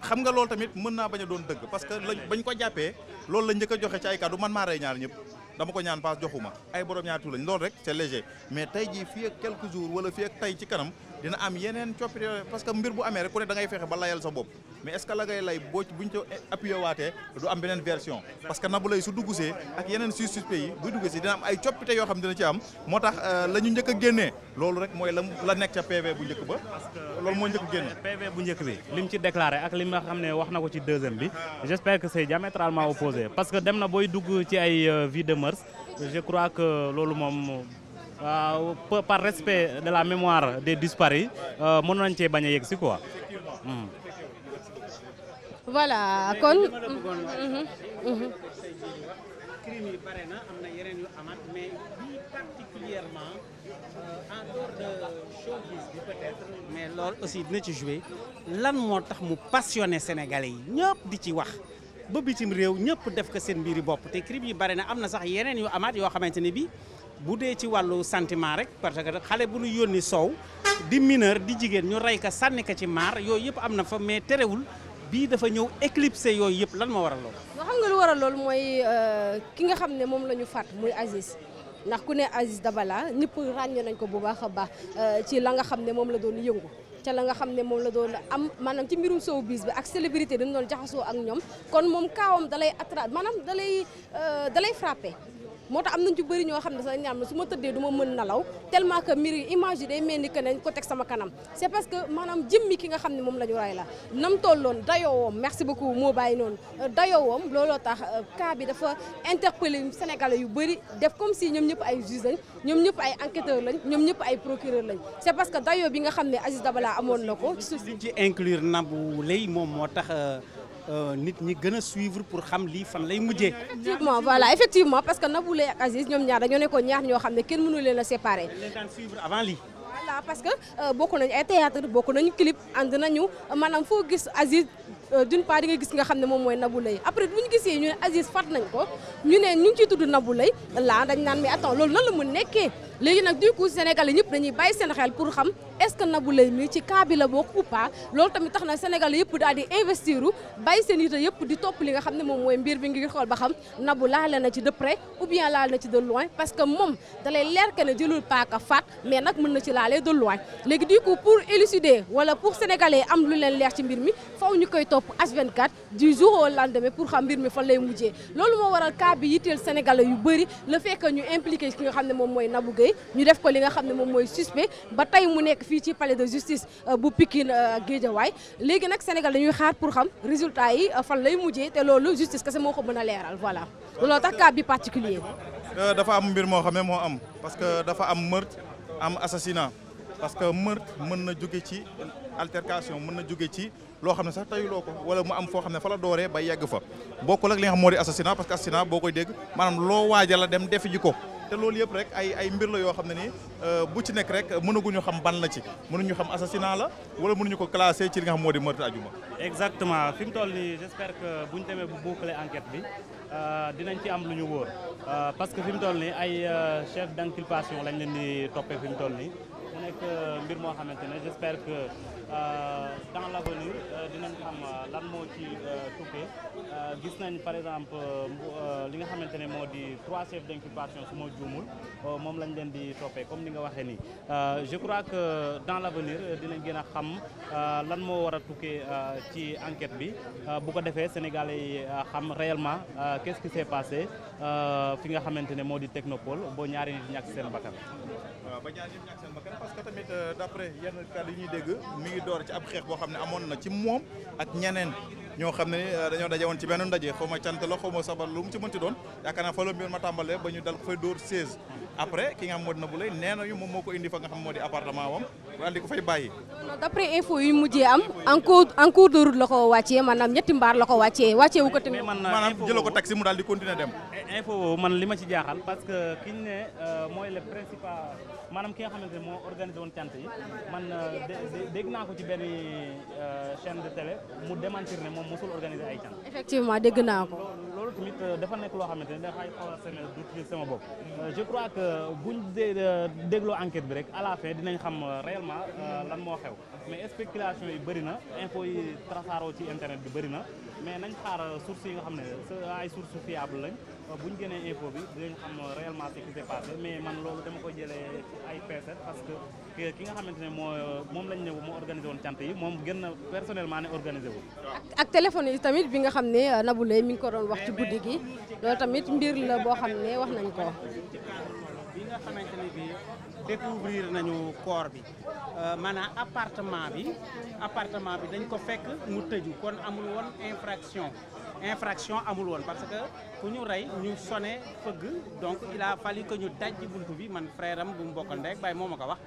xam nga loolu tamit mën naa bañ a doon dëgg parce que lañ bañ ko jàppee loolu la njëkk a joxe ci ay kaddu man maa rey ñaar ñëpp dama ko ñaan paas joxuma ay borom ñaar tu lañ loolu rek c'est léger mais tey jii fii ak quelques wala fii ak tey ci kanam dina am yeneen coppite yoo parce que mbir bu amee rek ku ne da ngay fexe ba layal sa bopp mais est ce que la ngay lay boo buñ ca appuyé waatee du am beneen version parce que Nabou Leye su duggsee ak yeneen su suspect yi buy duggsee dina am ay coppite yoo xam dina ci am moo tax euh, la ñu njëkk a génnee loolu rek mooy la la nekk ca PV bu njëkk ba loolu moo njëkk génne PV bu njëkk bi lim ci déclaré ak li nga xam ne wax na ko ci deuxième bi j' espère que c' est diamétralement opposé dem na booy dugg ci euh, de mœurs je crois que loolu moom Euh, par respect de la mémoire des disparus euh, mën nañ cee bañ a yegg si quoi. Hmm. voilà kon. Mhm, mhm. crime yi bare na am na yeneen yu amaat mais bii euh, loolu aussi dina ci jouer lan moo tax mu passionné Sénégalais yi ñëpp di ci wax ba bitim réew ñëpp def ko seen mbiri bopp te crime yi bare na am na sax yeneen yu amaat yoo xamante ne bii bu dee ci wàllu sentiment rek parce que xale bu ñu yónni soow di mineur di jigéen ñu rey ka sànni ka ci maar yooyu yëpp am na fa mais terewul bii dafa ñëw éclipsé yooyu yëpp lan moo war a loo xam nga lu waral loolu mooy euh, ki nga xam ne moom la ñu faat muy Aziz. ndax ku ne Aziz Dabala ñëpp ràññee nañ ko bu baax a baax euh, ci la nga xam ne moom la doon yëngu ca la nga xam ne moom la doon am maanaam ci mbirum showbiz bi ak célébrité dañ doon jaxasoo ak ñoom kon moom kaawam dalay attrape maanaam dalay euh, dalay frappé moo tax am nañ ci bëri ñoo xam ne sa ñaam su ma tëddee du ma mën nalaw tellement que mbir yi image yi day mel ni que nañ ko teg sama kanam c'est parce que maanaam jëmmi ki nga xam ne moom la ñu ray la nam tolloon dayowoom merci beaucoup moo bàyyi noon dayowoom looloo tax euh, cas bi dafa interpellé sénégalais yu bëri def comme si ñoom ñëpp ay juge lañ ñoom ñëpp ay enquêteur lañ ñoom ñëpp ay procureur lañ c'est parce que dayoo bi nga xam ne Aziz Dabala amoon na ko ci inclure Nabou Leye moom moo tax euh, Euh, nit ñi gën a suivre pour xam lii fan lay mujje effectivement voilà effectivement parce que Nabou Leye ak Aziz ñoom ñaar dañoo nekkoon ñaar ñoo xam ne kenn mënu leen a leen daan suivre voilà parce que euh, bokk nañu ay théâtre bokk nañu clip ànd nañu maanaam foo gis Aziz euh, d'une part di nga gis nga xam ne moom mooy nabu Leye après bu ñu gisee ñu ne Aziz fat nañ ko ñu ne ñu ngi ciy tudd Nabou Leye laa dañ naan mais attends loolu nan la mu nekkee. léegi nag du coup Sénégalais ñëpp dañuy bàyyi seen xel pour xam est-ce que Nabou Leye mi ci cas bi la bokk ou pas loolu tamit tax na Sénégalais yëpp daal di investir bàyyi seen yite yëpp di topp li nga xam ne moom mooy mbir bi ngir xool ba xam Nabou laale na ci de près ou bien laal na ci de loin parce que moom da lay mais nag mën na ci laalee de loin léegi du coup pour élucider wala pour Sénégalais am lu leen leer ci mbir mi faw ñu koy topp H24 du jour au lendemain xam mbir mi fan lay mujjee loolu moo waral cas bi yitteel Sénégalais yu bëri le fait que ñu nga xam ne moom mooy Nabou Gueye trouvé ñu def ko li nga xam ne moom mooy suspect ba tey mu nekk fii ci palais de justice euh, bu Pikine euh, Guédiawaye léegi nag Sénégal dañuy xaar pour xam résultat yi euh, fan lay mujjee te loolu justice kese moo ko mën a leeral voilà looloo tax cas bi particulier dafa am mbir moo xam ne moo am parce que dafa am meurtre am assassinat parce que meurtre mën na jóge ci altercation mën na jóge ci loo xam ne sax tayuloo ko wala mu am foo xam ne fa la dooree ba yegg fa bokkul ak li nga xam moo di assassinat parce boo koy dégg maanaam loo waajal dem defi ji ko te loolu yëpp rek ay ay mbir la yoo xam ne ni euh, bu ci nekk rek euh, mënaguñu xam ban la ci mënuñu xam assassinat la wala mënuñu ko classé ci li nga xam moo di meurtre ajuma exactement fi mu toll nii j'espère que bu ñu demee bu boucler enquête bi euh, dinañ ci am lu ñu wóor parce que fi mu toll nii ay chef d'inculpation lañ leen di toppee fi mu toll nii mu nekk mbir moo xamante ne j'espère que Euh, dans l'avenir euh, dinañ xam euh, lan moo ci tukkee gis nañ par exemple li nga xamante ne moo di trois chefs d'inculpation su ma juumul moom lañ leen di toppee comme ni nga waxee nii je crois que dans l'avenir dinañ gën a xam lan moo war a tukkee ci enquête bi bu ko defee Sénégalais yi xam réellement qu'est-ce qui s'est passé fi nga xamante ne moo di technopole boo ñaari nit seen bakkan parce que tamit euh, d'après yenn kàddu yi ñuy dégg mi ngi door ci ab xeex boo xam ne amoon na ci moom ak ñeneen ñoo xam ne euh, dañoo daje woon ci benn ndaje xaw ma cant la xaw ma sabar lu mu ci mënti doon yaakaar naa fa la mbir ma tàmbalee ba ñu dal ko fay dóor 16 après ki nga xam moo dina bu lay nee moom moo ko indi fa nga xam moo di appartement wam daal di ko fay yu mujjee am en cours en cours de route la ko wàccee ñetti mbaar la ko wàccee wu ko tamit maanaam eh, ma ci jaaxal parce euh, ki nga xamante ne moo organisé woon cant yi man euh, dégg naa ci benn chaîne de télé mu démentir ne moom mosul organiser ay can. effectivement dégg naa ko. loolu tamit euh, dafa nekk loo xamante ne dafay xaw a semé du sama bopp. Euh, je crois que buñ euh, dégloo enquête bi rek à la fin dinañ xam réellement lan moo xew mais spéculation yi bëri na info yi trasaaroo ci internet bi bëri na mais nañ xaar sources yi nga xam ne ay sources fiables lañ. Euh, bu ñu génnee info bi dinañ xam euh, réellement mais man loolu dama ko jëlee ay peeset parce que ki nga xamante ne moo euh, moom lañ ne moo organisé woon cant yi moom gën na personnellement ne organisé wu. ak téléphone yi tamit bi nga xam ne Nabou Leye mi ngi ko doon wax ci guddi gi loolu tamit mbir la boo xam ne wax nañ ko. bi découvrir nañu corps bi euh, maanaam appartement bi appartement bi dañ ko fekk mu tëju kon amul woon infraction infraction amul woon parce que ku ñu rey ñu sonné fëgg donc il a fallu que ñu daj buntu bi man frère am bu mu bokkal ndey baay moo ma ko wax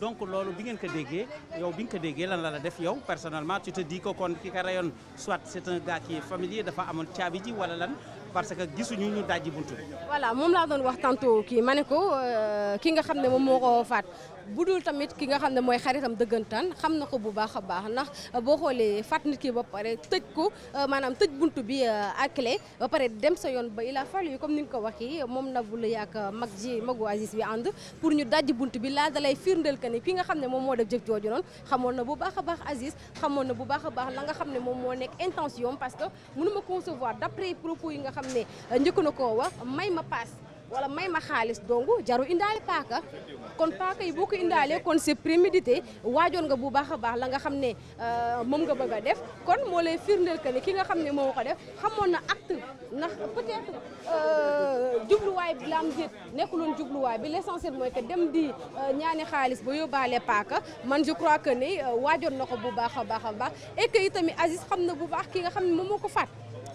donc loolu bi ngeen ko déggee yow bi nga ko lan la la def yow personnellement tu te dis que kon ki ko reyoon soit c'est un gars qui est familier dafa amoon caabi ji wala lan parce que gisuñu ñu dajji buntu bi. voilà moom laa doon wax kii ma ne ko euh, ki nga xam ne moom moo ko faat bu dul tamit ki nga xam ne mooy xaritam dëggantaan xam na ko bu baax a baax ndax boo xoolee fat nit ki ba pare tëj ko euh, maanaam tëj bunt bi euh, à clé ba pare dem sa yoon ba il a fallu comme ni nga ko waxee moom na bu la yàgg mag ji magu Aziz pour ñu dajj buntu bi laa dalay firndeel que ni ki nga xam ne moom moo def jëf jooju noonu xamoon na bu baax a baax Aziz xamoon na bu baax a baax la nga xam ne moom moo nekk intention parce que mënuma concevoir d'après propos yi nga xam ne euh, njëkk na ko wax may ma paas wala may ma xaalis dong jaru indaale paaka kon paaka yi boo ko indaalee kon c'est prémédité waajoon nga bu baax a baax la nga xam ne euh, moom nga bëgg a def kon moo lay firndeel que ne ki nga xam ne moo ko def xamoon na acte ndax peut euh, jubluwaay bi la am déet nekkuloon jubluwaay bi l'essentiel mooy que dem di euh, ñaani xaalis ba yóbbaale paaka man je crois que ne waajoon na ko bu baax a baax a baax et que itamit Aziz xam na bu baax ki nga xam ne moom moo ko faat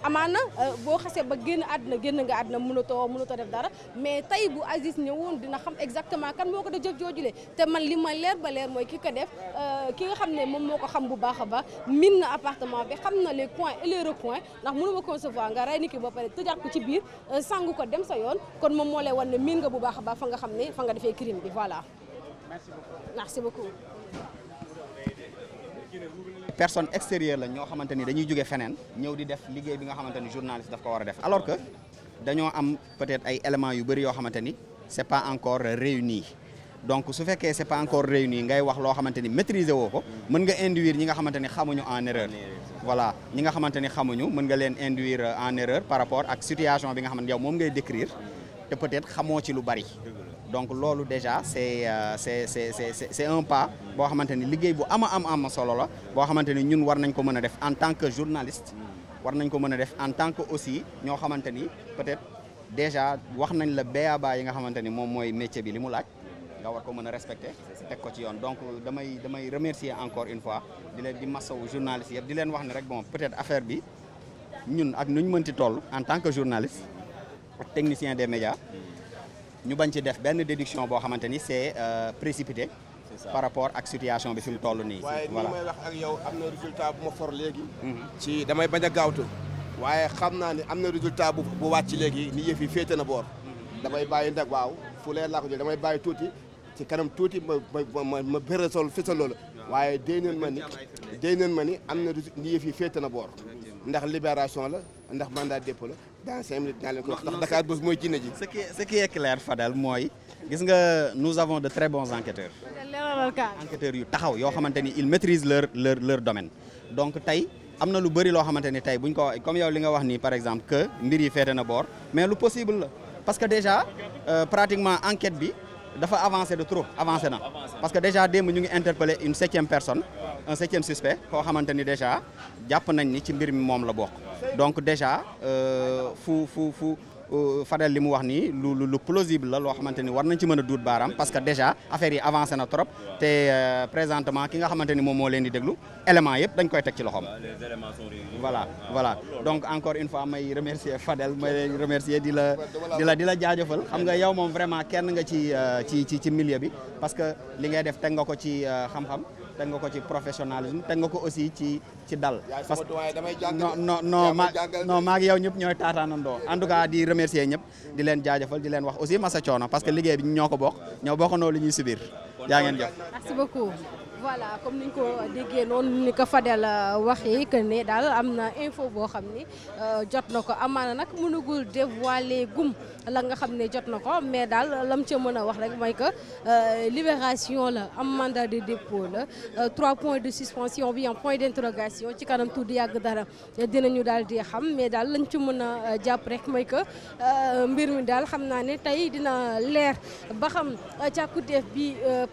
amaana euh, boo xasee ba génn àddina génn nga àddina mënatoo mënatoo def dara mais tey bu Aziz ñëwoon dina xam exactement kan moo ko def jëf joojule te man li ma leer ba leer mooy ki ko def euh, ki nga xam ne moom moo ko xam bu baax a baax min na appartement bi xam na le coins et les recoins ndax mënu ma concevoir nga rey nit ki ba pare tëjaat ko ci biir euh, sangu ko dem sa yoon kon moom moo lay wan ne miin nga bu baax a baax fa nga xam ne fa nga defee crime bi voilà ndax beaucoup merci personne extérieure lañ ñoo xamante ni dañuy jóge feneen ñëw di def liggéey bi nga xamante ni journaliste daf ko war a def alors que dañoo am peut-être ay éléments yu bëri yoo xamante ni c'est pas encore réuni donc su fekkee c'est pas encore réuni ngay wax loo xamante ni maîtriser woo ko mën nga induire ñi nga xamante ni xamuñu en erreur voilà ñi nga xamante ni xamuñu mën nga leen induire en erreur par rapport ak situation bi nga xamante ni yow moom ngay décrire peut-être xamoo ci lu bari donc loolu déjà euh, c'est c'est c'est c'est c'est un pas boo xamante ni liggéey bu ama am am solo la boo xamante ni ñun war nañ ko mën a def en tant que journaliste war nañ ko mën a def en tant que aussi ñoo xamante ni peut-être déjà wax nañ la béyaabaa yi nga xamante ni moom mooy métier bi li mu laaj nga war ko mën a respecter teg ko ci yoon donc damay damay remercier encore une fois di leen di masawu journaliste yëpp di leen wax ne rek bon peut-être affaire bi ñun ak nu ñu mënti toll en tant que journaliste technicien des médias ñu bañ ci def benn déduction boo xamante ni c'est euh, précipité. par rapport ak situation bi fi mu toll nii. waaye ni may wax ak yow am na résultat bu ma for léegi. Mhm. ci damay bañ a gaawtu. waaye xam naa ne am na résultat bu bu wàcc léegi ni yëf yi féete na boor. Mhm. damay bàyyi nag waaw fu leer laa ko damay bàyyi tuuti ci kanam tuuti ma ma ma ma bërësol fësal loolu. waaye day ma ni day ma ni am na ni yëf yi féete na boor. ndax libération la ndax mandat dépôt la. dans cinq minutes naa leen ko wax ndax Dakar Buzz mooy jinne ji. ce qui ce qui est clair mooy gis nga nous avons de très bons enquêteurs. enquêteurs yu taxaw yoo xamante ni ils maîtrisent leur leur leur domaine. donc tey am na lu bëri loo xamante ni tey buñ ko comme yow li nga wax nii par exemple que mbir yi féete na boor mais lu possible la parce que déjà euh, pratiquement enquête bi. dafa avancé de trop avancé na parce que déjà démb ñu ngi interpellé une septième personne un septième suspect koo xamante ni déjà jàpp nañ ni ci mbir mi moom la bokk donc déjà euh, fu fu fu Euh, Fadel li mu wax nii lu lu plausible la loo xamante ni war nañ ci mën a duut baaram parce que déjà affaire yi avancé na trop te euh, présentement ki nga xamante ni moom moo leen di déglu éléments yëpp dañ koy teg ci loxoom. voilà voilà donc encore une fois may remercier Fadel may remercier di la di la di la jaajëfal xam nga yow moom vraiment kenn nga ci euh, ci ci ci milieu bi parce que li ngay def teg nga ko ci xam-xam. teg nga ko ci professionnalisme teg nga ko aussi ci ci dal. parce que non non ñooy taataanandoo en tout di remercier ñëpp di leen jaajëfal di leen wax aussi masa coono parce que liggéey bi ñoo ko ñoo bokkandoo li ñuy subir yaa ngeen jëf. voilà comme niñ ko déggee noonu ni ko Fadel euh, waxee que ne daal am na info boo xam ne euh, jot na ko amaana nag mënagul dévoiler gum la nga xam ne jot na ko mais daal lam ca mën a wax rek mooy que euh, libération la am mandat de dépôt la trois points de suspension bi en point d'interrogation ci kanam tuuti yàgg dara dinañu daal di xam mais daal lañ ci mën a jàpp rek mooy que mbir mi daal xam naa ne tey dina leer ba xam càkkuteef bi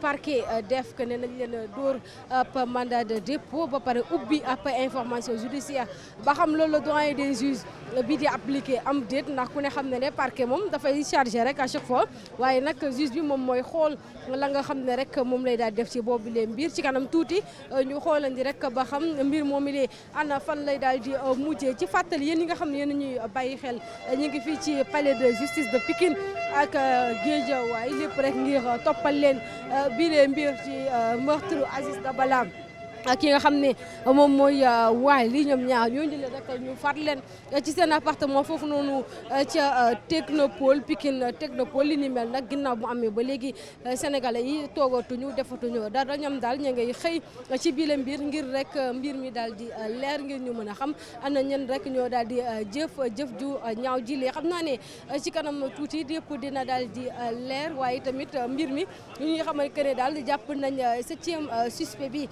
parquet def que ne nañ leen dóor ab mandat de dépôt ba pare ubbi ab information judiciaire ba xam loolu la doyen des juges bi di appliqué am déet ndax ku ne xam ne ne parquet moom dafay chargé rek a chaque fois waaye nag juge bi moom mooy xool la nga xam ne rek moom lay daal def ci boobu lee mbir ci kanam tuuti ñu xoolandi rek ba xam mbir moom ilee ana fan lay daal di euh, mujjee ci fàttali yéen ñi nga xam ne yéen ñuy bàyyi xel ñu ngi fii ci palais de justice de Pikine a euh, Guédiawaye lépp rek ngir euh, toppal leen Aziz Dabala ak ki nga xam ne moom mooy euh, waay lii ñoom ñaar ñoo jëlee rek ñu faat leen ci seen appartement foofu noonu euh, ca euh, technopole Pikine technopole li ni mel nag ginnaaw bu amee ba léegi sénégalais yi toogatuñu defatuñu dara ñoom daal ñu ngay xëy ci biir mbir ngir rek mbir mi daal di leer ngir ñu mën a xam ana ñen rek ñoo daal di jëf jëf ju ñaaw ji lee xam naa ne ci kanam tuuti di dina daal di leer waaye tamit mbir mi ñu ngi xamal que ne daal nañ septième suspect bi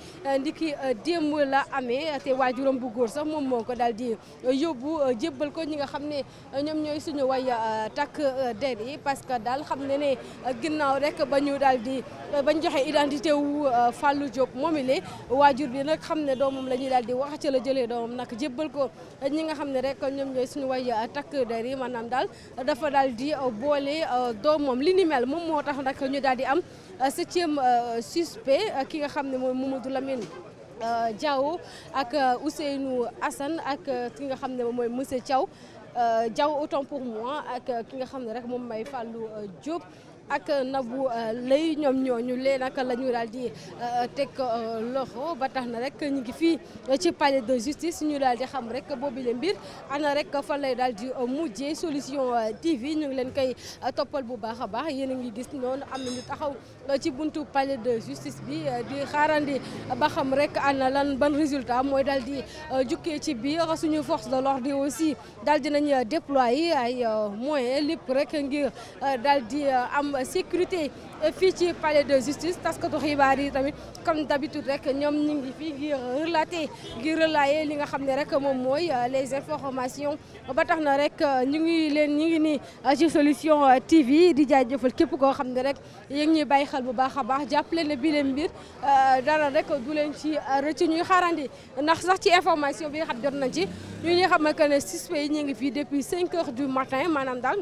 ki euh, démb la amee te waajuram bu góor sax moom moo ko daal di euh, yóbbu euh, jébbal ko ñi nga xam ne ñoom ñooy suñu way takk der yi parce que daal xam ne ne ginnaaw rek ba ñu daal di bañ joxe identité wu Fallou Diop moom ile waajur bi nag xam ne doomam la ñuy daal di wax ca la jëlee doomam nag jébbal ko ñi nga xam ne rek ñoom ñooy suñu way takk der yi maanaam daal dafa daal di boole doomam li ni mel moom moo tax nag ñu daal di am septième suspect ki nga xam ne mooy Mamadou Lamine Euh, Diaw ak euh, Ousseynou Assane ak euh, ki nga xam ne moom mooy monsieur Thiaw Diaw autant pour moi ak ki nga xam ne rek moom may Fallou Diop ak Nabou Lay ñoom ñooñu lee nag la ñu daal di teg loxo ba tax na rek ñu ngi fii ci palais de justice ñu daal di xam rek boobu le mbir ana rek fan lay daal di mujjee solution TV ñu ngi leen kay toppal bu baax a baax yéen a ngi gis noonu am na ñu taxaw. ci buntu palais de justice bi euh, di xaarandi ba xam rek ana lan ban résultat mooy daal di euh, jukkee ci biir suñu force de l'ordre aussi dal di nañ déployer ay euh, moyens lépp rek ngir daal di am sécurité fii ci palais de justice taskatu xibaar yi tamit comme d'habitude rek ñoom ñu ngi fii ngir relater ngir relayer li nga xam ne rek moom mooy euh, les informations ba tax na rek euh, ñu ngi leen ñu ngi nii euh, ci solution TV di jaajëfal képp koo xam ne rek yéen ñuy bàyyi xel bu baax a baax jàppale ne bii leen mbir dara rek du leen ci rëcc ñuy xaarandi ndax sax ci information bi nga xam jot na ci ñu ñuy xam ne que ne suspect yi ñu ngi fii depuis cinq heures du matin maanaam daal.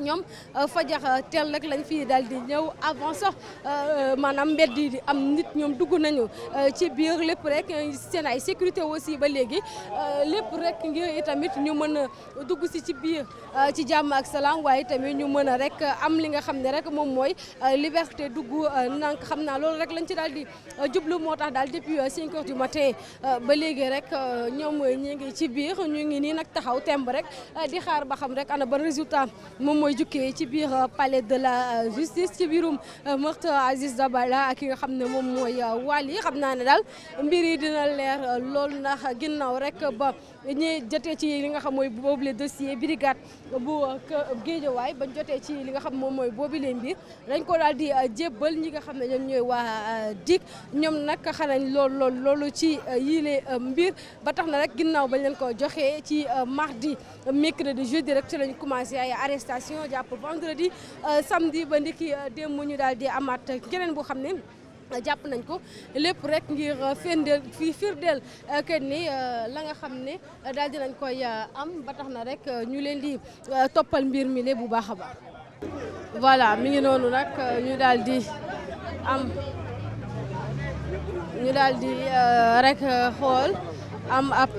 ñoom euh, fajax euh, teel rek lañ fii daal di ñëw avant sax euh, maanaam mbedd yi di am nit ñoom dugg nañu ci biir lépp rek seen ay sécurité aussi ba léegi lépp rek ngir itamit ñu mën a dugg si ci biir ci jàmm ak salaam waaye tamit ñu mën a rek am li nga xam ne rek moom mooy liberté dugg nank xam naa loolu rek lañ ci daal di jublu moo tax daal depuis 5 heures du matin ba léegi rek ñoom ñu ngi ci biir ñu ngi nii nag taxaw temb rek di xaar ba xam rek ana ban résultat moom mooy jukkee ci biir euh, palais de la euh, justice ci biirum meurtre Aziz Dabala ak ki nga xam ne moom mooy euh, Wally xam naa ne daal mbir yi dina leer loolu ndax ginnaaw rek ba ñi jotee ci li nga xam mooy boobu le dossier brigade bu euh, Guédiawaye bañ jotee ci li nga xam moom mooy boobu leen mbir dañ ko daal di euh, jébbal ñi nga xam ne ñoom ñooy waa euh, DIC ñoom nag xanañ lool lool loolu ci yile mbir ba tax na rek ginnaaw bañ leen ko joxee ci mardi mercredi jeudi rek ci lañ commencé ay arrestation jàpp vendredi samedi ba ndiki démb ñu daal di amaat keneen boo xam ne jàpp nañ ko lépp rek ngir firndeel fii firndeel euh, ken ni euh, la nga xam ni euh, daal dinañ koy am ba tax na rek ñu leen di toppal mbir mi ne bu baax a baax. voilà mi noonu nag ñu daal di am ñu daal rek xool am ab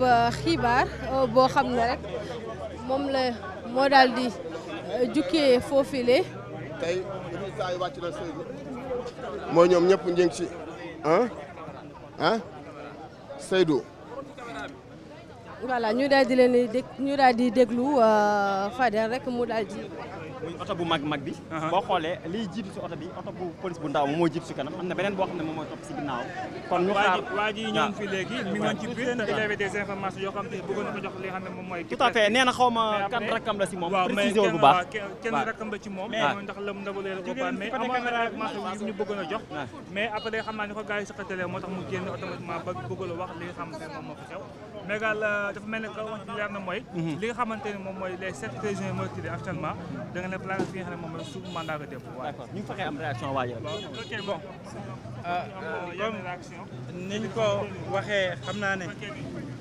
xibaar boo xam ne rek moom la moo daal di jukkee foofile. tey mooy ñoom ñëpp ñu ci ah ah Seydou. voilà ñu daal di leen ñu daal di déglu euh, Fader rek mu daal di. muy oto bu mag mag bi boo xoolee liy jiitu si oto bi oto bu police bu ndaw moom moo jiitu si kanam am na beneen boo xam ne moom mooy topp si ginnaaw kon ñu xaar moom mooy tout à fait nee xaw ma kan rakkam la si moom précisé wul bu baax kenn rakkam la ci moom ndax lam ndabalee la ko baax mais amoon a jox mais après xam naa ni ko moom xew mais daal euh, dafa mel ne ko wax ci leer na mooy mhm. li nga xamante moom mooy les sept régions mooy tuddee actuellement da nga ne nga xam ne moom mooy suuf mandat ga démb waaw d'accord ñu am réaction waaye bon ah, euh, ni ñu ko waxee xam naa ne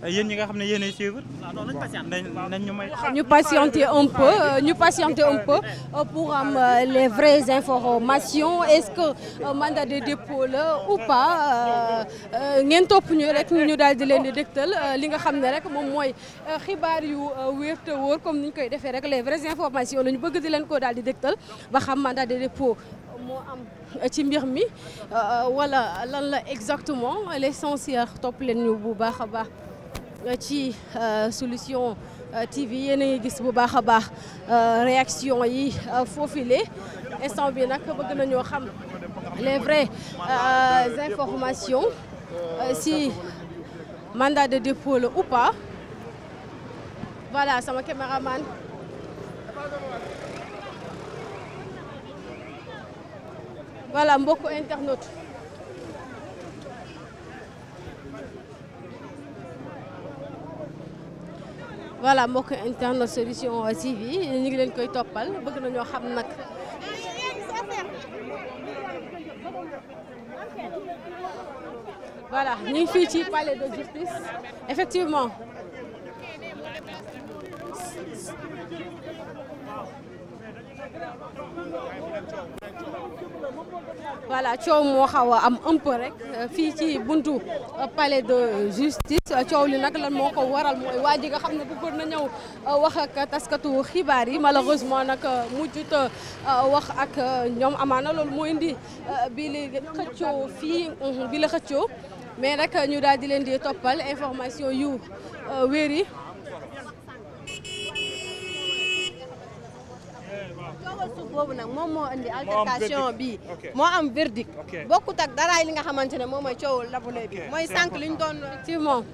yéen ñi nga xam ne yéen ay suivre nañ ñu may ñu patienter un peu euh, ñu patienter un peu euh, pour am euh, les vraies informations est-ce que mandat de dépôt la ou pas ngeen topp ñu rek ñu daal di leen di dégtal li nga xam ne rek moom mooy xibaar yu wér te comme ni ñu koy defee rek les vraies informations lañu bëgg di leen ko daal di dégtal ba xam mandat de dépôt moo am ci mbir mi wala lan la exactement l'essentiel topp leen ñu bu baax a baax Euh, ci euh, solution euh, TV yéen a ngi gis bu baax a baax réaction yi foofile instant bi nag bëgg nañoo xam les vraies si mandat de dépôt la ou voilà sama caméraman voilà mbokku internaute voilà mbokk internet solution TV ñu ngi leen koy toppal bëgg nañoo xam nag. voilà ñu ngi fii ci effectivement. voilà coow moo xaw a am un rek euh, fii ci buntu euh, palais de justice euh, coow li nag lan moo ko waral mooy waa ji nga xam ne bëggoon na ñëw wax ak taskatu xibaar yi malheureusement nag mujjut wax ak ñoom amaana loolu moo indi bii xëccoo fii bi xëccoo mais rek ñu daal di leen di toppal information yu wér yi ndogal nag moom moo indi altercation bi moo am verdict bokkut ak nga xamante ne moom mooy coowu labule bi mooy sànq li ñu doon ci moom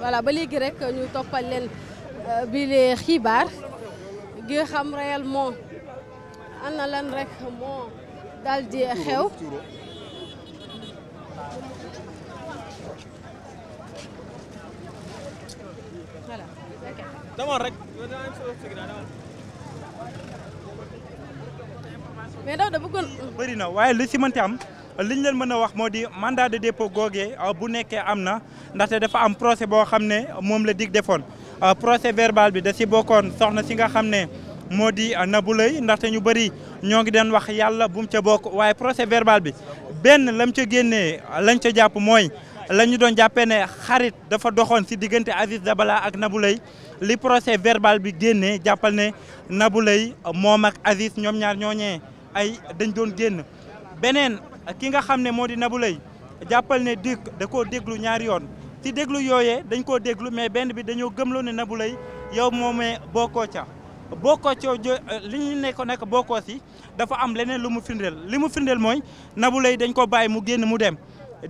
ba léegi rek ñu toppal euh, bi lee xibaar gi xam réellement ana lan rek moo dal di xew voilà demoon rek mais daw da bëggoon bëri na waaye lu si mënti am liñ leen mën a wax moo di mandat de dépôt googee uh, bu nekkee am na ndaxte dafa am procès boo xam ne moom la dig defoon Euh, procès verbal bi da si bokkoon soxna si nga xam ne moo di euh, Nabou Leye ndaxte ñu bëri ñoo ngi doon wax yàlla bum ca bokk waaye procès verbal bi benn lam ca génnee lañ ca jàpp mooy la ñu doon jàppee ne xarit dafa doxoon si diggante da Dabala ak Nabou li procès verbal bi génnee jàppal ne nabulay euh, moom ak Aziz ñoom ñaar ñooñee ay dañ doon génn beneen ki nga xam ne moo di nabulay jàppal ne dik da koo déglu ñaari yoon ci déglu yooyee dañ koo déglu mais benn bi dañoo gëmloo ne Nabou Leye yow moomee bokkoo ca bokkoo ca euh, li ñu nekk nekk bokkoo si dafa am leneen lu mu firndeel li mu firndeel mooy Nabou dañ ko bàyyi mu génn mu dem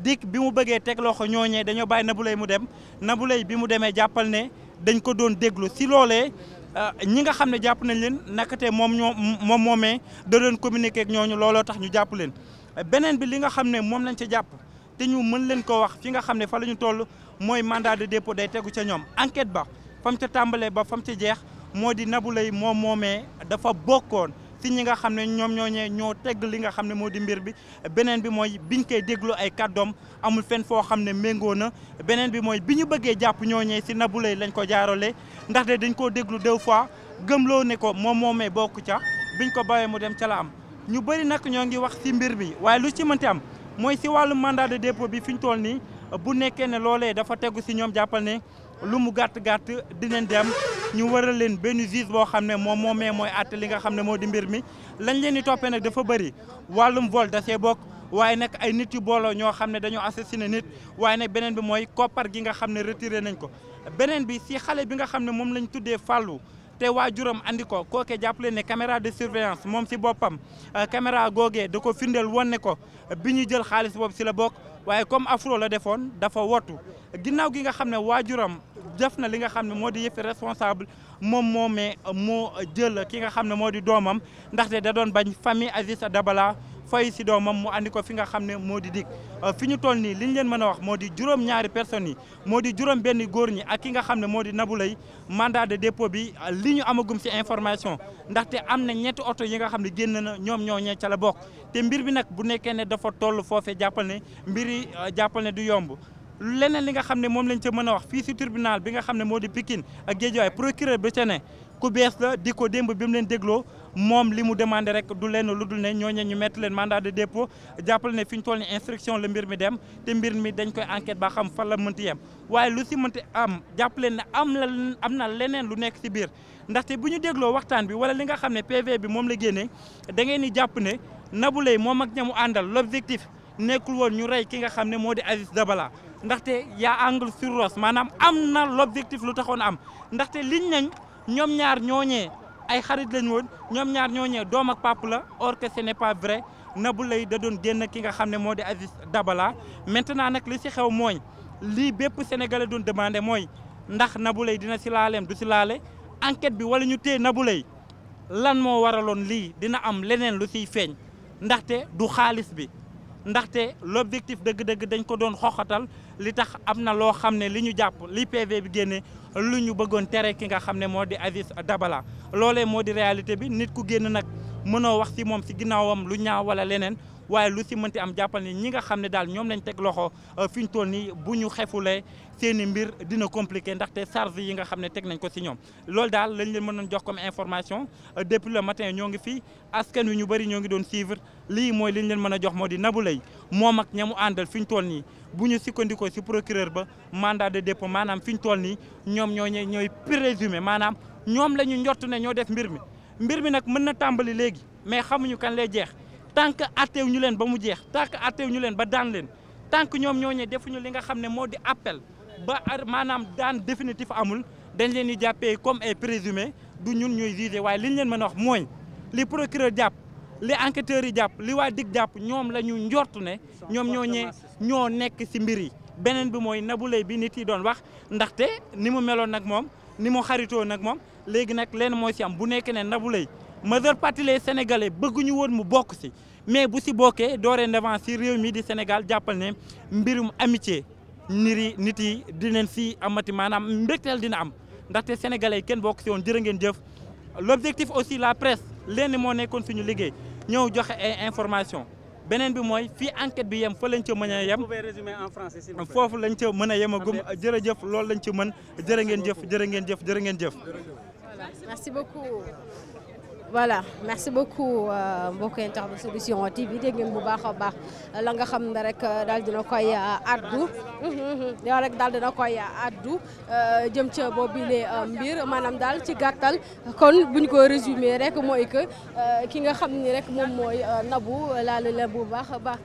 dik bi mu bëggee teg loxo ñooñee dañoo bàyyi Nabou Leye mu dem Nabou bi mu demee jàppal ne dañ ko doon déglu si loolee euh, ñi nga xam ne jàpp nañ leen nakate moom ñoo moom moomee da doon communiqué ñooñu looloo tax ñu jàpp leen beneen bi li nga xam ne moom lañ ca jàpp te ñu mën leen ko wax fi nga xam ne fa la ñu toll mooy mandat de dépôt day tegu ca ñoom enquête ba fam ca tàmbalee ba fam ca jeex moo di Nabou Leye moo moomee dafa bokkoon si ñi nga xam ne ñoom ñoo ñee ñoo tegg li nga xam ne moo di mbir bi beneen bi mooy bi ñu koy déglu ay kàddoom amul fenn foo xam ne méngoo na beneen bi mooy bi ñu bëggee jàpp ñoo ñooñee si Nabou Leye lañ ko jaarale ndaxte dañ koo déglu deux fois loo ne ko moom moomee bokku ca biñ ko bawee mu dem ca la am ñu bëri nag ñoo ngi wax si mbir bi waaye lu ci mënti am mooy si wàllu mandat de dépôt bi fi ñu toll nii bu nekkee ne loolee dafa tegu si ñoom jàppal ne lu mu gàtt gàtt dinañ dem ñu waral leen benn juge boo xam ne moom moomee mooy àtte li nga xam ne moo di mbir mi. lañ leen di toppee nag dafa bëri wàllum vol da see bokk waaye nag ay nit yu booloo ñoo xam ne dañoo assassiné nit waaye nag beneen bi mooy koppar gi nga xam ne retiré nañ ko beneen bi si xale bi nga xam ne moom lañ tuddee fàllu. te waajuram andi ko kooke jàppale ne caméra de surveillance moom si boppam euh, caméra googee da ko firndeel woon ko bi ñu jël xaalis boobu si la bokk waaye comme afro la defoon dafa wottu ginnaaw gi nga xam ne waajuram def na li nga xam ne moo di yëfi responsable moom moo moomee moo jël ki nga xam ne moo di doomam ndaxte da doon bañ famille Aziz dabalaa fay si doomam mu andi ko fi nga xam ne moo di dig euh, fi ñu toll nii li ñu leen mën a wax moo di juróom-ñaari personnes yi moo di juróom benn góor ñi ak ki nga xam ne moo di Nabou Leye mandat de dépôt bi euh, li ñu amagum si information ndaxte am na ñetti oto yi nga xam ne génn na ñoom ñoo ñee ca la bokk te mbir bi nag bu nekkee ne dafa toll foofee jàppal ne mbir yi euh, jàppal ne du yomb leneen li nga xam ne moom lañ ca mën a wax fii si tribunal bi nga xam ne moo di Pikine ak Guédiawaye procureur bi ca ne ku bees la di ko démb bi leen dégloo moom li mu demandé rek du leen lu dul ne ñooñu ñu mettre leen mandat de dépôt jàppale ne fi ñu toll ni instruction la mbir mi dem te mbir mi dañ koy enquête ba xam fan la mënti yem waaye lu si mënti am jàpp leen am la am na leneen lu nekk si biir ndaxte bu ñu dégloo waxtaan bi wala li nga xam ne PV bi moom la génne da ngeen ni jàpp ne Nabou Leye moom ak ñamu àndal l'objectif nekkul woon ñu rey ki nga xam ne moo di Aziz Dabala ndaxte yaa angle sur roche maanaam am na l'objectif lu taxoon am ndaxte liñ nañ ñoom ñaar ñooñee ay xarit lañ woon ñoom ñaar ñoo ñëwee doom ak papa la or que ce n'est pas vrai Nabou Leye da doon génn ki nga xam ne moo di Aziz Dabala maintenant nag li ci xew mooy lii bépp sénégalais doon demandé mooy ndax Nabou Leye dina ci laaleem du ci laale enquête bi wala ñu téye Nabou Leye lan moo waraloon lii dina am leneen lu ciy feeñ ndaxte du xaalis bi. ndaxte l'objectif dëgg-dëgg dañ ko doon xoxatal li tax am na loo xam ne li ñu jàpp li PV bi génne lu ñu bëggoon tere ki nga xam ne moo di Aziz Dabala loolee moo di réalité bi nit ku génn nag mënoo wax ci moom ci ginnaawam lu ñaaw walla leneen waaye lu si mënti am jàppal ni ñi nga xam ne daal ñoom lañu teg loxo euh, fi ñu toll nii bu ñu xefulee seen mbir dina compliqué ndaxte charge yi nga xam ne teg nañ ko si ñoom loolu daal lañ leen mën mënoon jox comme information euh, depuis le matin ñoo ngi fii askan wi ñu bari ñoo ngi doon suivre lii mooy liñ leen mën a jox moo di Nabou Leye moom ak ñamu àndal fi ñu toll nii bu ñu sukkandikoo si procureur ba mandat de dépôt maanaam fi ñu toll nii ñoom ñoo ñooy présumé maanaam ñoom la ñu njort ne ñoo def mbir mi mbir mi nag mën na tàmbali léegi mais xamuñu kan lay jeex tant que atteew ñu leen ba mu jeex tant que atteew leen ba daan leen tant que ñoom ñooñee defuñu li nga xam ne moo di appel ba ar maanaam daan définitif amul dañ leen di jàppee comme ay présumé du ñun ñuy jugé waaye li ñu leen mën a wax mooy li procureur jàpp li enquêteurs yi jàpp li waa dig jàpp ñoom la ñu njort ne ñoom ñoo ñee ñoo nekk ci mbir yi beneen bi mooy Nabou Leye bi nit yi doon wax ndaxte ni mu meloon nag moom ni mu xaritoo nag moom léegi nag leen mooy ci am bu nekk ne Nabou majeure partie les sénégalais bëgguñu woon mu bokk si mais bu si bokkee dorénavant si réew mi di Sénégal jàppal ne mbirum amitié niri nit yi dinañ si amati maanaam mbégteel dina am ndaxte sénégalais kenn bokk si woon jërë ngeen jëf. l'objectif aussi la presse lenn moo nekkoon suñu liggéey ñëw joxe ay information beneen bi mooy fii enquête bi yem fa lañ ca mën a yem. foofu lañ ca mën a yemagum jërëjëf loolu lañ ci mën jërë ngeen jëf jërë ngeen jëf jërë ngeen jëf. voilà merci beaucoup euh, mbokk internet solution TV dégg ngeen bu baax a baax la nga xam ne rek euh, daal dina koy euh, addu yow rek daal dina koy addu jëm ca boobile mbir maanaam daal ci gàttal kon bu buñ ko résumé rek mooy que ki nga xam ni rek moom mooy nabu laal la bu baax a baax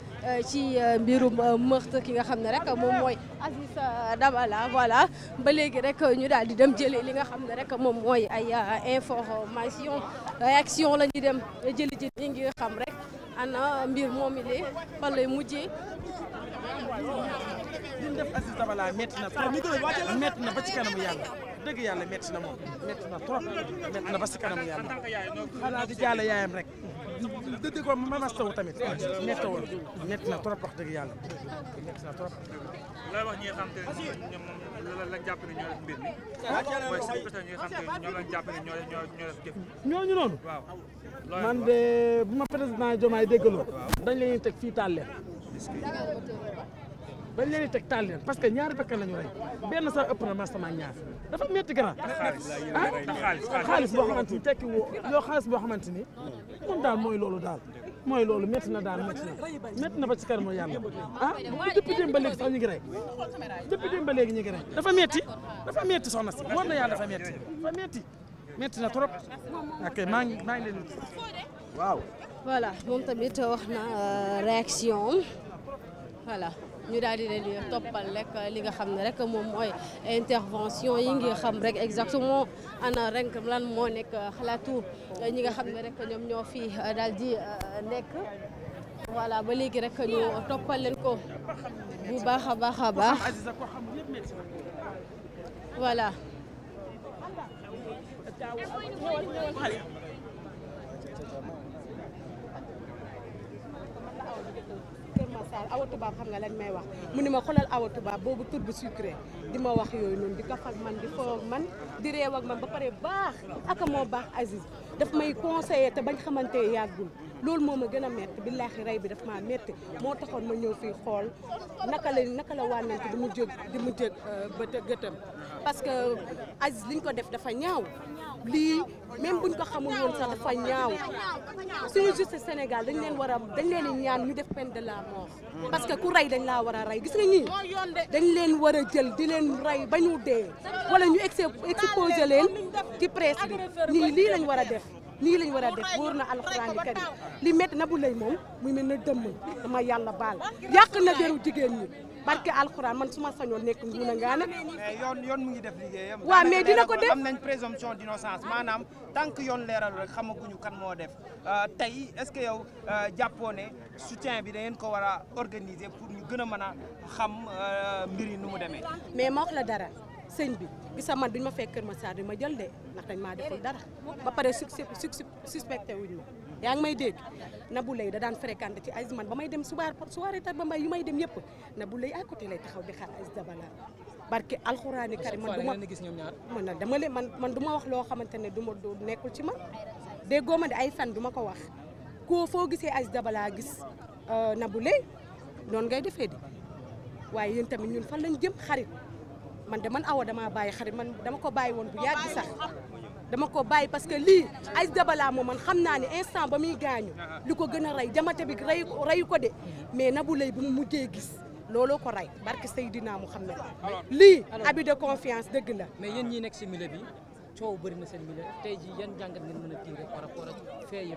ci mbirum meurtre ki nga xam ne rek moom mooy Aziz Dabala voilà ba léegi rek ñu daal di dem jëli li nga xam ne rek moom mooy ay information réaction la ñuy dem jëli ji ñi ngi xam rek ana mbir moom i lee fan lay mujjee li mu def Aziz Dabala metti na trop metti na ba ci kanamu yàlla dëgg yàlla metti na moom metti na trop metti na ba ci kanamu yàlla xanaa di jàll yaayam rek dëgg ko ma mastawu dëgg yàlla la wax ñi nga xam jàpp ne ñoo def ñoo la ñoo ñoo ñoo def jëf ñooñu noonu waaw man de bu ma président Diomaye déggaloo dañ leen teg fii taal dañ leen teg taal leen parce que ñaari bakkan la ñu rey benn sax ëpp na mas sama ñaar dafa metti gara ah xaalis boo xamante ni tekki woo yoo xaalis boo xamante ni daal mooy loolu daal mooy loolu métti na daal métti na métti na ba ci kanamu yàlla ah depuis démb ba léegi sax ñu ngi rey ba léegi ñu ngi dafa métti dafa métti soxna si war na yàlla dafa métti dafa métti métti na trop ok maa ngi maa ngi leen waaw. voilà moom tamit wax na euh, réaction voilà. ñu daal di ne toppal rek li nga xam ne rek moom mooy intervention yi ngi xam rek exactement ana rek lan moo nekk xalaatu ñi nga xam ne rek ñoom ñoo fi daal di euh, nekk. voilà ba léegi rek ñu toppal leen ko bu baax a baax a baax voilà. Sall awa tubaab xam nga lañ may wax mu ni ma xoolal awa tubaab boobu tur bu sucré di ma wax yooyu noonu di kaf man di foo man di réew ak man ba pare baax aka moo baax Aziz daf may conseillé te bañ xamante yàggul loolu moom ma gën a métti billaahi rey bi dafa maa métti moo taxoon ma ñëw fii xool naka la naka la wànnante di mu jóg di mu jóg euh, ba gëtëm parce que Aziz liñ ko def dafa ñaaw lii même buñ ko xamul woon sax dafa ñaaw suñu justice Sénégal dañ leen war a dañ leen di ñaan ñu def peine de la mort parce que ku rey dañ laa war a rey gis nga ñii dañ leen war a jël di leen rey ba ñu dee wala ñu exposé leen ci presse bi ñii lii lañ war a def nii lañ war a def wóor na alxuraan yi li métti na bu lay moom muy mel na dëmm dama yàlla baal yàq na deru jigéen ñi barke alxuraan man suma sañoon nekk Nguuna Ngaana. mais yoon mu ngi def liggéeyam. waaw mais dina ko def am nañ présomption d'innocence maanaam tant yoon leeral rek xamaguñu kan moo def euh, tey est-ce que yow euh, jàppoo ne soutien bi da ngeen ko war a organiser pour ñu gën a mën a xam euh, mbir yi nu mu demee. mais ma wax la dara. sëñ bi gisa man duñ ma fekk kër ma saa ma jël de ndax dañ maa deful dara ba pare suspecte wuñ ma yaa ngi may dégg Nabou Leye da daan fréquenté ci ay man ba may dem subaar soirée tar ba mbay yu may dem yëpp Nabou Leye à côté lay taxaw di xaar Aziz Dabala barke alxuraani karim man duma man na dama leen man man du wax loo xamante ne du ma du nekkul ci man déggoo ma de ay fan du ma ko wax koo foo gisee Aziz Dabala gis euh, Nabou Leye noonu ngay defee di waaye yéen tamit ñun fan lañ jëm xarit man de man awa damaa bàyyi xarit man dama ko bàyyi woon bu yàgg sax dama ko bàyyi parce que lii ay dabala moom man xam naa ne instant ba muy gaañu li ko gën a rey jamate bi rey reyu ko de mais Nabou Leye bu mu mujjee gis looloo ko rey barke Seydina Mouhamed lii abus de confiance dëgg la mais yéen ñi nekk si milieu bi coow bëri na seen milieu tey jii yan jàngat ngeen mën a tiire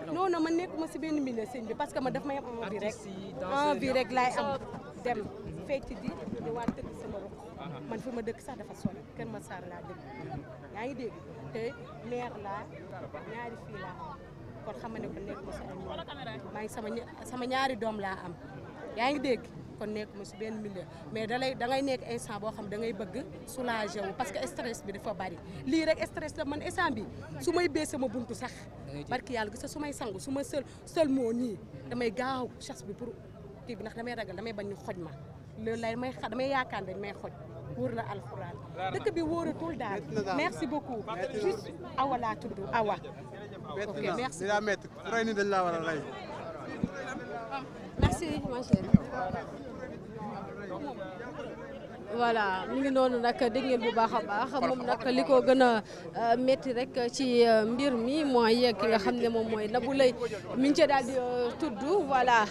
par man nekkuma si benn milieu sëñ bi parce que ma daf may am envie rek envie rek laay am dem fecc ji ñëwaat tëgg sama rok man fi ma dëkk sax dafa sori kër ma saar laa dëkk ngi dégg te leer laa ñaari fii laa kon xam ne kon nekk ma si ay maa ngi sama sama ñaari doom laa am yaa ngi dégg kon nekk ma si benn milieu mais da lay da ngay nekk instant boo xam da ngay bëgg soulager wu parce que stress bi dafa bari lii rek stress la man instant bi su may bee sama buntu sax barki yàlla gis su may sangu su ma sël sël moo nii damay gaaw chasse bi pour kii bi ndax damay ragal damay bañ ñu xoj ma loolu lay may xa yaakaar dañ may xoj wóor na alxuraan dëkk bi wóoratul daal merci beaucoup juste awa laa tudd awa ok merci dinaa métti ni dañ laa war a rey ah, voilà ñu ngi noonu nag dégg ngeen bu baax a baax moom nag li ko gën a euh, métti rek ci euh, mbir mi mooy ki nga xam ne moom mooy Nabou Leye ci daal di euh, tuddu voilà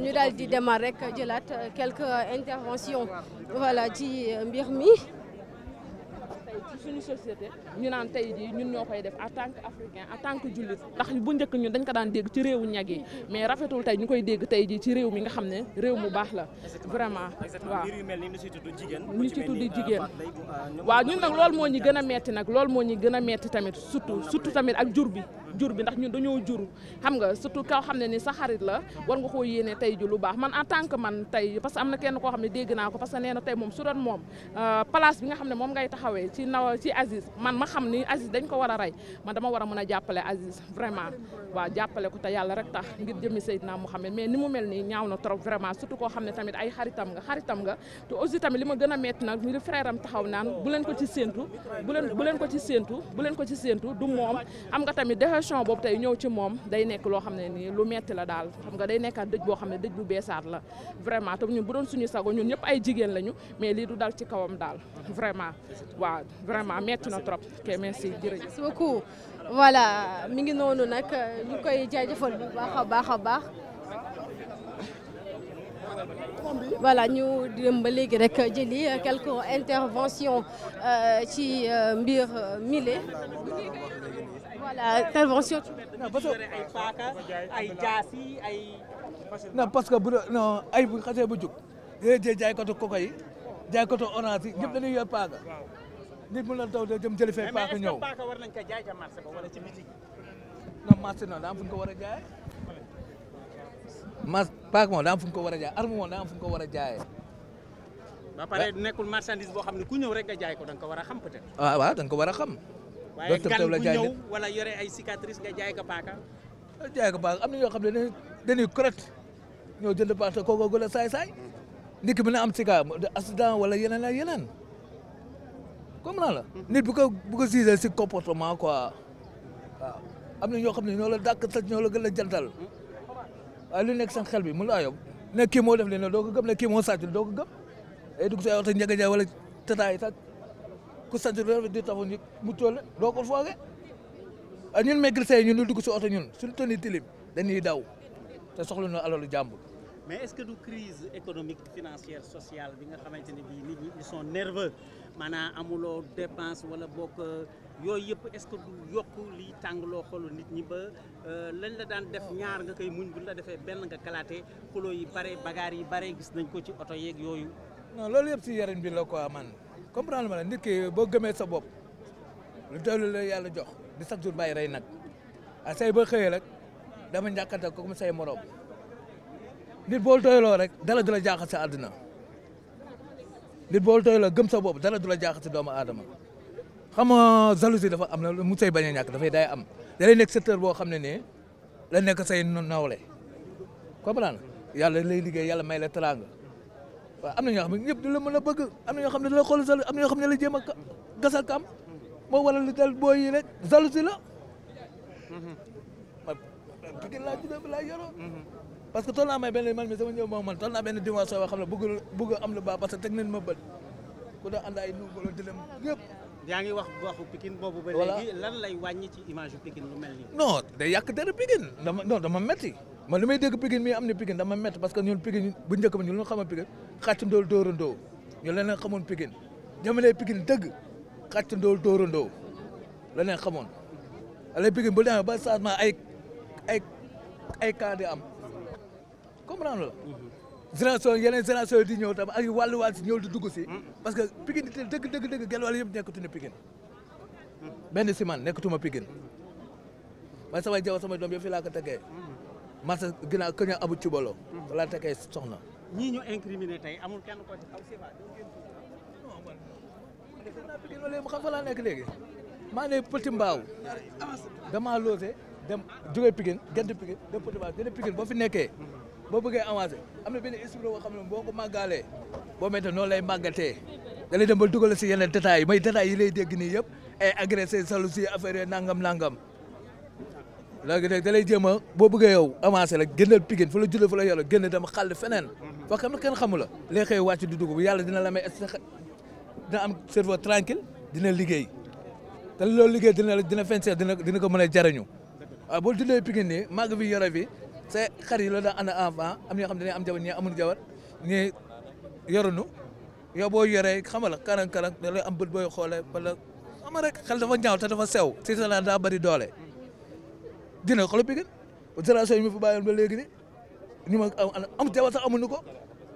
ñu daal di démarrer rek jëlaat quelques interventions voilà ci mbir mi. ci suñu ñu naan tey jii ñun ñoo koy def en tant que africain en tant que jullit ndax bu njëkk ñun dañ ko daan dégg ci réewu ñag yi mais rafetul tey ñu koy dégg tey jii ci réew mi nga xam ne réew mu baax la vraiment waaw ñu ci tudd jigéen euh, euh, waaw ñun nag loolu moo ñi gën a metti nag loolu moo ñu gën a metti tamit surtout surtout tamit ak jur bi jur bi ndax ñun dañoo jur xam nga surtout kaw xam ne ni sa xarit la war nga koo yéene tey ju lu man a tant que man tey parce que am na kenn koo xam ne dégg naa ko parce que nee euh, xam ne moom ngay taxawee ci naw man ma xam ni Aziz dañ ko war a rey man dama war a mën a jàppale Aziz vraiment waaw jàppale ko te yàlla rek tax ngir jëmi Seydina Mouhamed mais ni mu mel nii ñaaw na trop vraiment surtout koo xam ne tamit ay xaritam nga xaritam nga te aussi tamit li ma gën a metti nag li frère am taxaw naan bu ko ci pression boobu tey ñëw ci moom day nekk loo xam ne nii lu metti la daal xam nga day nekkaat dëj boo xam ne dëj bu beesaat la vraiment te ñun bu doon suñu sago ñu ñëpp ay jigéen lañu mais lii du dal ci kawam daal vraiment waaw vraiment metti na trop ok merci jërëjëf beaucoup voilà mi ngi noonu nag koy jaajëfal baax a baax a baax voilà ñu dem ba léegi rek jëli quelques intervention euh, ci euh, mbir euh, mile voilà intervention. non parce que ay paaka ay jaasi ay. non parce que bu non ay bu xasee bu jóg. yéen jël jaaykatu ñëpp dañuy yor paaka. nit mu la taw de jëm jëli fee paaka ñëw. mais est-ce que paaka war nañ ko jaay ca marché ba wala ci bitik. non marché daa am ko war a jaayee. mas paaka moom daa am ko war a jaayee arme moom daa am fu ñu ko war a jaayee. ba pare nekkul boo xam ne ku ñëw rek nga jaay ko da nga ko war a xam peut-être. Ah, waaw da ko war a xam. waaye gan bu ñëw wala yore ay cicatrice nga jaay ko paaka. jaay ko am na ñoo xam ne dañuy correct ñoo jënd paaka kooku gën a saay-saay nit ki mën na am sika accident wala yeneen ak yeneen comme naa la. nit bu ko bu ko si comportement quoi am na ñoo xam ne ñoo la dàq tëj ñoo la gën a jantal waaye lu nekk seen xel bi mu laa yob ne kii moo def leneen doo ko gëm ne kii moo sàcc doo ko gëm ay dugg si ay oto wala tataay ku sant loolu di taxaw ñu mu toll doo ko fooge ah, ñun mécanicien yi ñun lu dugg si oto ñun suñu tonni dañuy daw te soxla na alalu jàmbur. mais est-ce que du crise économique financière sociale bi nga xamante ne bii nit ñi ils sont maanaam amuloo dépense wala bokk yooyu yëpp est-ce que du yokk liy tàngaloo xolu nit ñi ba euh, lañ la daan def ñaar nga koy muñ bu la defee benn nga kalaatee xuloo yi bare bagaar yi bare gis nañ ko ci oto yeeg yooyu. non loolu yëpp si yarin bi la quoi man. comprendre ma la nit ki boo gëmee sa bopp lu toll la yàlla jox di chaque jour bàyyi rey nag a say ba xëyee rek dama njàkkante ko comme say morom nit boo tooyloo rek dala du la jaaxal sa àdduna nit boo tooyloo gëm sa bopp dala du la jaaxal doomu aadama xam nga jalousie dafa am na mu say bañ a ñàkk dafay day am da lay nekk secteur boo xam ne nii la nekk say nawle comprendre yàlla lay liggéey yàlla may la teraanga waaw am na ñoo xam ne ñëpp du la mën a bëgg am na ñoo xam ne du la xool am na ñoo xam la a gasal kam moo waral dal booy yi rek jalousie la pikin laa juddoo laa yoroo parce que toll naa may benn man mi sama ñëw moom man toll naa benn dimension boo xam ne bëgg bëgg am lu baax parce que ma bët ku doon ànd ay nu bolo di dem yëpp yaa ngi wax waxu Pikine boobu ba léegi lan lay wàññi ci image Pikine lu mel nii non yàq dara Pikine dama non metti man li may dégg Pikine mi am na pigin dama métti parce que ñun Pikine bu njëkk ba ñu lu xamoon Pikine xàccandoo dóorandoo ñu leneen xamoon Pikine jamonoy Pikine dëgg xàccandoo dóorandoo leneen xamoon alay Pikine bu demee ba changement ay ay ay cas di am comprendre la. Mhm. génération yeneen génération yi di ñëw tam ay wàllu wàll si ñëw di dugg si. parce que Pikine di dëgg dëgg dëgg gel wala yëpp nekkatuñu Pikine mhm. benn si man nekkatuma Pikine man samay jaw samay doom yëpp fii laa ko masa ginnaaw ka ñu abu cubalo wala takay soxna ñii ñu incriminé tey amul kenn ko ci aw xam fa laa nekk léegi maa ne Petit Mbaaw damaa loose dem jóge Pikine gent Pikine dem Petit Mbaaw gën a boo fi nekkee boo bëggee avancé am na benn esprit boo xam ne boo ko màggaalee boo méttee noonu lay màggatee da lay dem ba dugal si yeneen détails yi mooy détails yi lay dégg nii yëpp ay agressé salu si nangam nangam léegi nag da lay jéem a boo buggee yow avancé la génnal Pikine fa la juddoo fa la yàlla génn dama xàll feneen fa xam ne kenn xamu la léegi xëy wàcc di dugub yàlla dina la may dina am cerveau tranquille dina liggéey te loolu liggéey dina dina fenseer dina dina ko mën a jariñu waaw boo juddoo Pikine nii màgg fi yore fi sa xar yi la daan ànd avant am ñoo xam ne am jabar ñii amul jabar ñii yorunu yow boo yoree xama la karang karang da am bët booy xoolee wala xama rek xel dafa ñaaw te dafa sew si sa daa bëri doole dina xoolal Pikine génération yi ma fi bàyyoon ba léegi ni ñu ma am teewal sax amuñu ko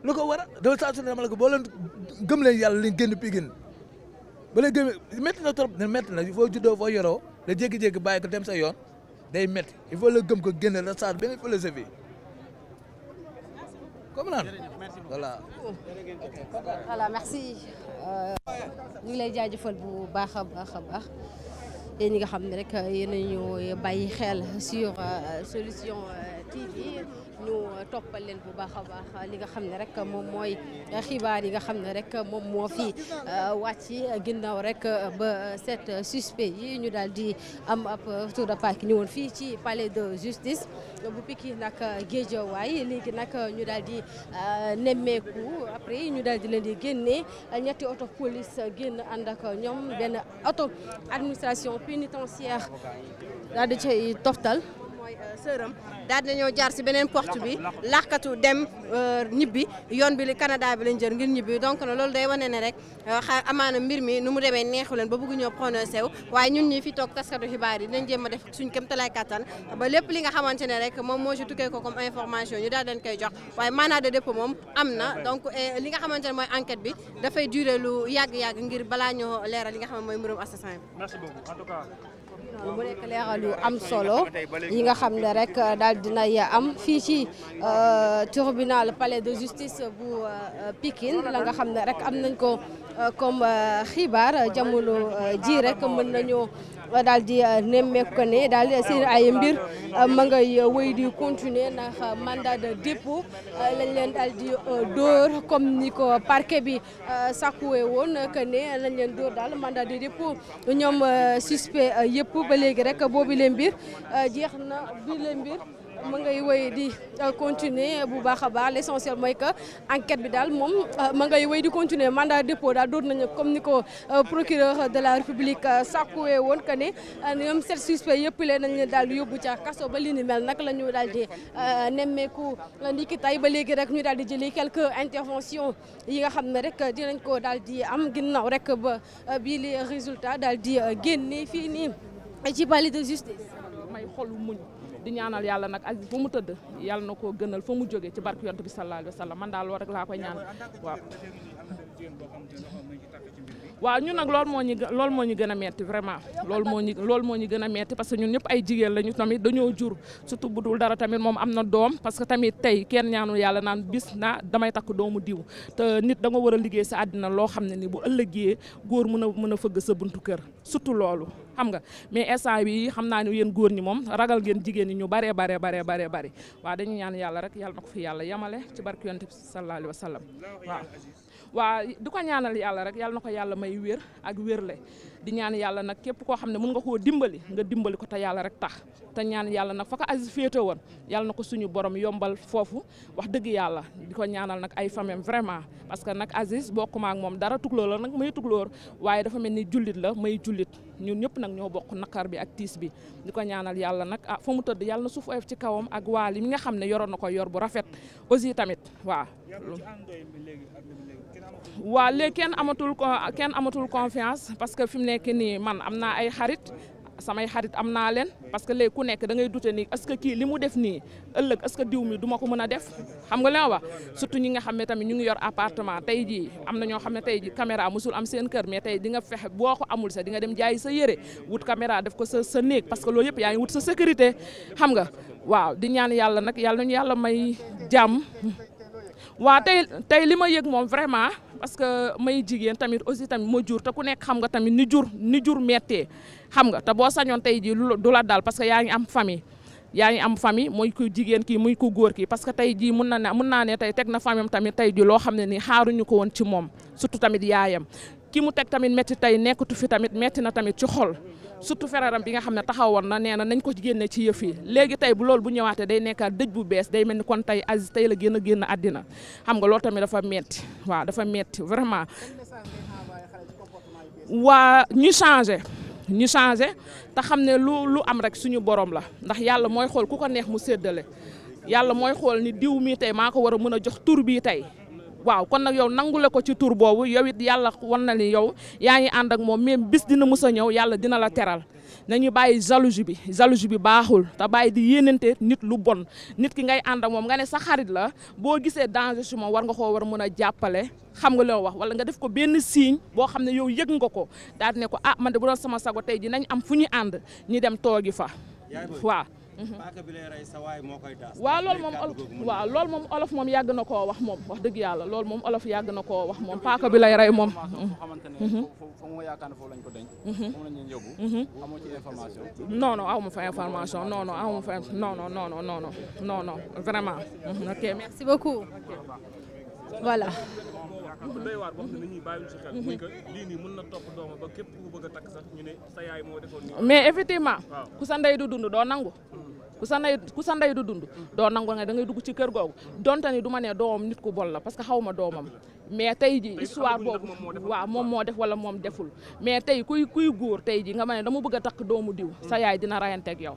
lu ko war a da saa su ne dama la ko boo leen gëm leen yàlla liñ génn Pikine ba léegi métti na trop ne métti na il faut juddoo foo yoroo la jékki-jékki bàyyi ko dem sa yoon day métti il faut la gëm ko génne la saa benn philosophie comme naan voilà. voilà merci. Euh, ñu ngi lay jaajëfal bu baax a baax. yéen ñi nga xam ne rek yéen ñu bàyyi xel sur euh, Solution euh, TV ñu toppal leen bu baax a baax li nga xam ne rek moom mooy xibaar yi nga xam ne rek moom moo fi euh, wàcc ginnaaw rek euh, ba set suspect yi ñu daal di am ab tour de parc ñu woon fii ci palais de justice bu Pikine nag Géejawaay léegi nag ñu daal di euh, nemmeeku après ñu daal di leen di génne ñetti oto police génn ànd ak ñoom benn oto administration pénitentiaire daal di toftal sërëm daal dinañoo jaar si beneen porte bi laxkatu dem euh, ñibbi yoon bi li Canada bi lañ jër ngir ñibbi donc na loolu day wane ne rek euh, xa amaana mbir mi nu mu demee neexu leen ba bëgg ñoo prononcé wu waaye ñun ñi fi toog taskatu xibaar yi dinañ jéem a def suñ kém talaay kattan ba lépp li nga xamante ne rek moom moo si tukkee ko comme information ñu daal leen koy jox waaye mandat de dépôt moom am na donc li nga xamante ne mooy enquête bi dafay durer lu yàgg-yàgg ngir balaa ñoo leeral li nga xam mooy mbirum assassin mu nekk leeral am solo yi nga xam ne rek daal dinay am fii ci euh, tribunal palais de justice bu euh, Pikine wala nga xam ne rek am nañ ko euh, comme xibaar jamono ji rek mën nañoo daal di euh, nemmeeku ko ne daal euh, seen ay mbir euh, ma ngay wéy di continuer ndax mandat de dépôt leen daal di dóor comme ni ko parquet bi sakkuwee woon que ne leen door daal mandat de dépôt ñoom suspect yëpp ba léegi rek boobu leen mbir jeex na bi leen mu ngay wëy di euh, continuer bu baax a baax l' essentiel mooy ka enquête bi daal moom euh, ma ngay woy di continuer mandat dépôt daal doot nañu comme ni ko euh, procureur de la république sàkkuwee woon que ne ñoom sept suspect yëpp leen nañu daal yóbbu ca kaso ba li ni mel nag la ñu daal di nemmeeku ndiki tay ba léegi rek ñu daal di jëli quelques interventions yi nga xam ne rek dinañ ko daal di am ginnaaw rek ba bii li résultat daal di génne fii nii ci palais de justice may xolu muñ di ñaanal yàlla nag Aziz ba mu tëdd yàlla na koo gënal fa mu jóge ci barke yonent bi sallallahu alayhi man daal loolu rek laa koy ñaan waaw waaw ñun nag loolu moo ñu loolu moo ñu gën a metti vraiment loolu moo ñu loolu moo ñu gën a metti parce que ñun ñëpp ay jigéen lañu tamit dañoo jur surtout bu dul dara tamit moom am na doom parce que tamit tey kenn ñaanu yàlla naan bis na damay takk doomu diw te nit danga war a liggéey sa àddina loo xam ne ni bu ëllëgee góor mën a mën a fëgg sa buntu kër surtout loolu xam nga mais instant bi xam naa ne yéen góor ñi moom ragal ngeen jigéen ñi ñu baree baree baree baree bëri waaw dañu ñaan yàlla rek yàlla na ko fi yàlla yemale ci barke yonent bi sallallahu wa sallam waaw waa di ko ñaanal yàlla rek yàlla na ko yàlla may wér ak wérle di ñaan yàlla nag képp koo xam ne mun nga koo dimbali nga dimbali ko te yàlla rek tax te ñaan yàlla nag fa ko Aziz woon yàlla na ko suñu borom yombal foofu wax dëgg yàlla di ko ñaanal nag ay famem vraiment parce que nag Aziz bokkuma ak moom dara tukulóor la nag may tukulóor waaye dafa mel ni jullit la may jullit ñun ñëpp nag ñoo bokk naqar bi ak tiis bi di ko ñaanal yàlla nag ah mu tëdd yàlla na suuf oyof ci kawam ak waal yi mi nga xam ne yoroon na ko yor bu rafet aussi tamit waaw waaw léegi kenn nekk nii man am naa ay xarit samay xarit am naa leen parce que léegi ku nekk da ngay dute nii est que kii li mu def nii ëllëg est que diw mi du ma ko mën a def xam nga li wa wax surtout ñi nga xam ne tamit ñu ngi yor appartement tey jii am na ñoo xam ne tey jii caméra musul am seen kër mais tey di nga fexe boo ko amul sax di nga dem jaay sa yére wut caméra def ko sa sa néeg parce que loolu yëpp yaa ngi wut sa sécurité xam nga waaw di ñaan yàlla nag yàlla ñu yàlla may jàmm ma parce que may jigéen tamit aussi tamit ma jur te ku nekk xam nga tamit ni jur ni jur mette xam nga te boo sañoon tey jii du la dal parce que yaa ngi am famille yaa ngi am famille muy ku jigéen ki muy ku góor ki parce que tey jii mun na ne mun naa ne tey teg na famille tamit tey jii loo xam ne ni xaaruñu ko woon ci moom surtout tamit yaayam ki mu teg tamit métti tey nekkatu fi tamit metti na tamit ci xol surtout feraram bi nga xam ne taxawoon na nee na nañ ko génne ci yëfi léegi tey bu loolu bu ñëwaatee day nekkaat dëj bu bees day mel ni kon tey Aziz tey la gën a génn àddina xam nga loolu tamit dafa metti waaw dafa metti vraiment waa ñu changé ñu changé te xam ne lu lu am rek suñu borom la ndax yàlla mooy xool ku ko neex mu séddale yàlla mooy xool ni diw mii tey maa ko war a mën a jox tur bii tey waaw kon nag yow nangule ko ci tur boobu yow it yàlla wan na ni yow yaa ngi ànd ak moom même bis dina mës a ñëw yàlla dina la teral nañu bàyyi jalousie bi jalousie bi baaxul te bàyyi di yéenante nit lu bon nit ki ngay ànd ak moom nga ne sa xarit la boo gisee danger ci moom war nga koo war mën a jàppale xam nga loo wax wala nga def ko benn signe boo xam ne yow yëg nga ko daal ne ko ah man de bu doon sama sago tey ji nañ am fu ñu ànd ñu dem toogi fa waaw Mm-hmm. paaka bi lay rey sa waay moo koy daas. waaw loolu moom olof moom yàgg na koo wax moom wax dëgg yàlla loolu moom olof yàgg na koo wax moom paaka bi lay rey moom. Mm-hmm. Mm-hmm. non non aw ma fa information non non aw ma fa non non vraiment. a mais effectivement. ku du dund doo nangu. ku sa ndey ku sa ndey du dund doo nangu nga dangay ngay dugg ci kër googu donte ni du ma ne doomam ku bon la parce que xaw ma doomam mais tey ji histoire boobu waaw moom moo def wala moom deful mais tey kuy kuy góor tey ji nga ma ne dama bëgg a takk doomu diw sa yaay dina rayanteeg yow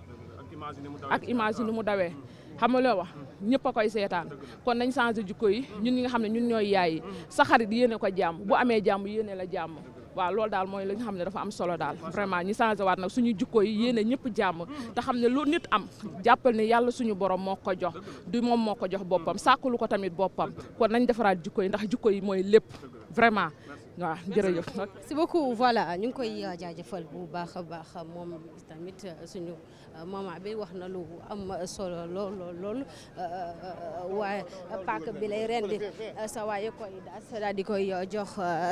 ak image yi mu dawee xam nga loo wax ñëpp a koy seetaan kon nañ changé jikko yi ñun ñi nga xam ne ñun ñooy yaay sa xarit yéene ko jàmm bu amee jàmm yéene la jàmm waaw loolu daal mooy li nga xam ne dafa am solo daal vraiment ñi changé waat nag suñu jikko yi yéene ñëpp jàmm te xam ne lu nit am jàppal ne yàlla suñu borom moo ko jox du moom moo ko jox boppam sàkkalu ko tamit boppam kon nañ defaraat jikko yi ndax jikko yi mooy lépp vraiment waaw jërëjëf merci beaucoup voilà ñu ngi koy euh, jaajëfal bu baax a baax euh, moom tamit euh, suñu maman bi wax na lu am solo lool lool waaye paak bi lay rendi sa waaye koy daas daal di koy jox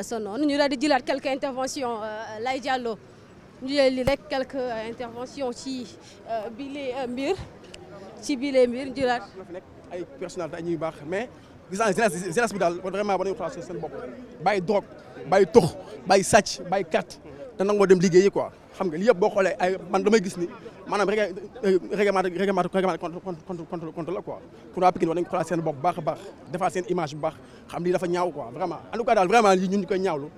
sa noonu ñu daal di jëlaat quelques interventions lay jàlloo ñu jël rek quelques interventions ci bile mbir ci bile mbir jëlaat ay personnalité ñuy baax mais gis naa jeunesse jeunesse bi daal vraiment war nañu xalaat seen bopp bàyyi drogue bàyyi tux bàyyi sàcc bàyyi carte te nangoo dem liggéeyi quoi xam nga li yëpp boo xoolee ay man damay gis ni maanaam régé euh, réglementé réglementé contre contre contre la quoi pour waa Pikine war nañu xalaat seen bopp baax a baax defaat seen image bu baax xam lii dafa ñaaw quoi vraiment en tout cas daal vraiment lii ñun ñu koy ñaawlu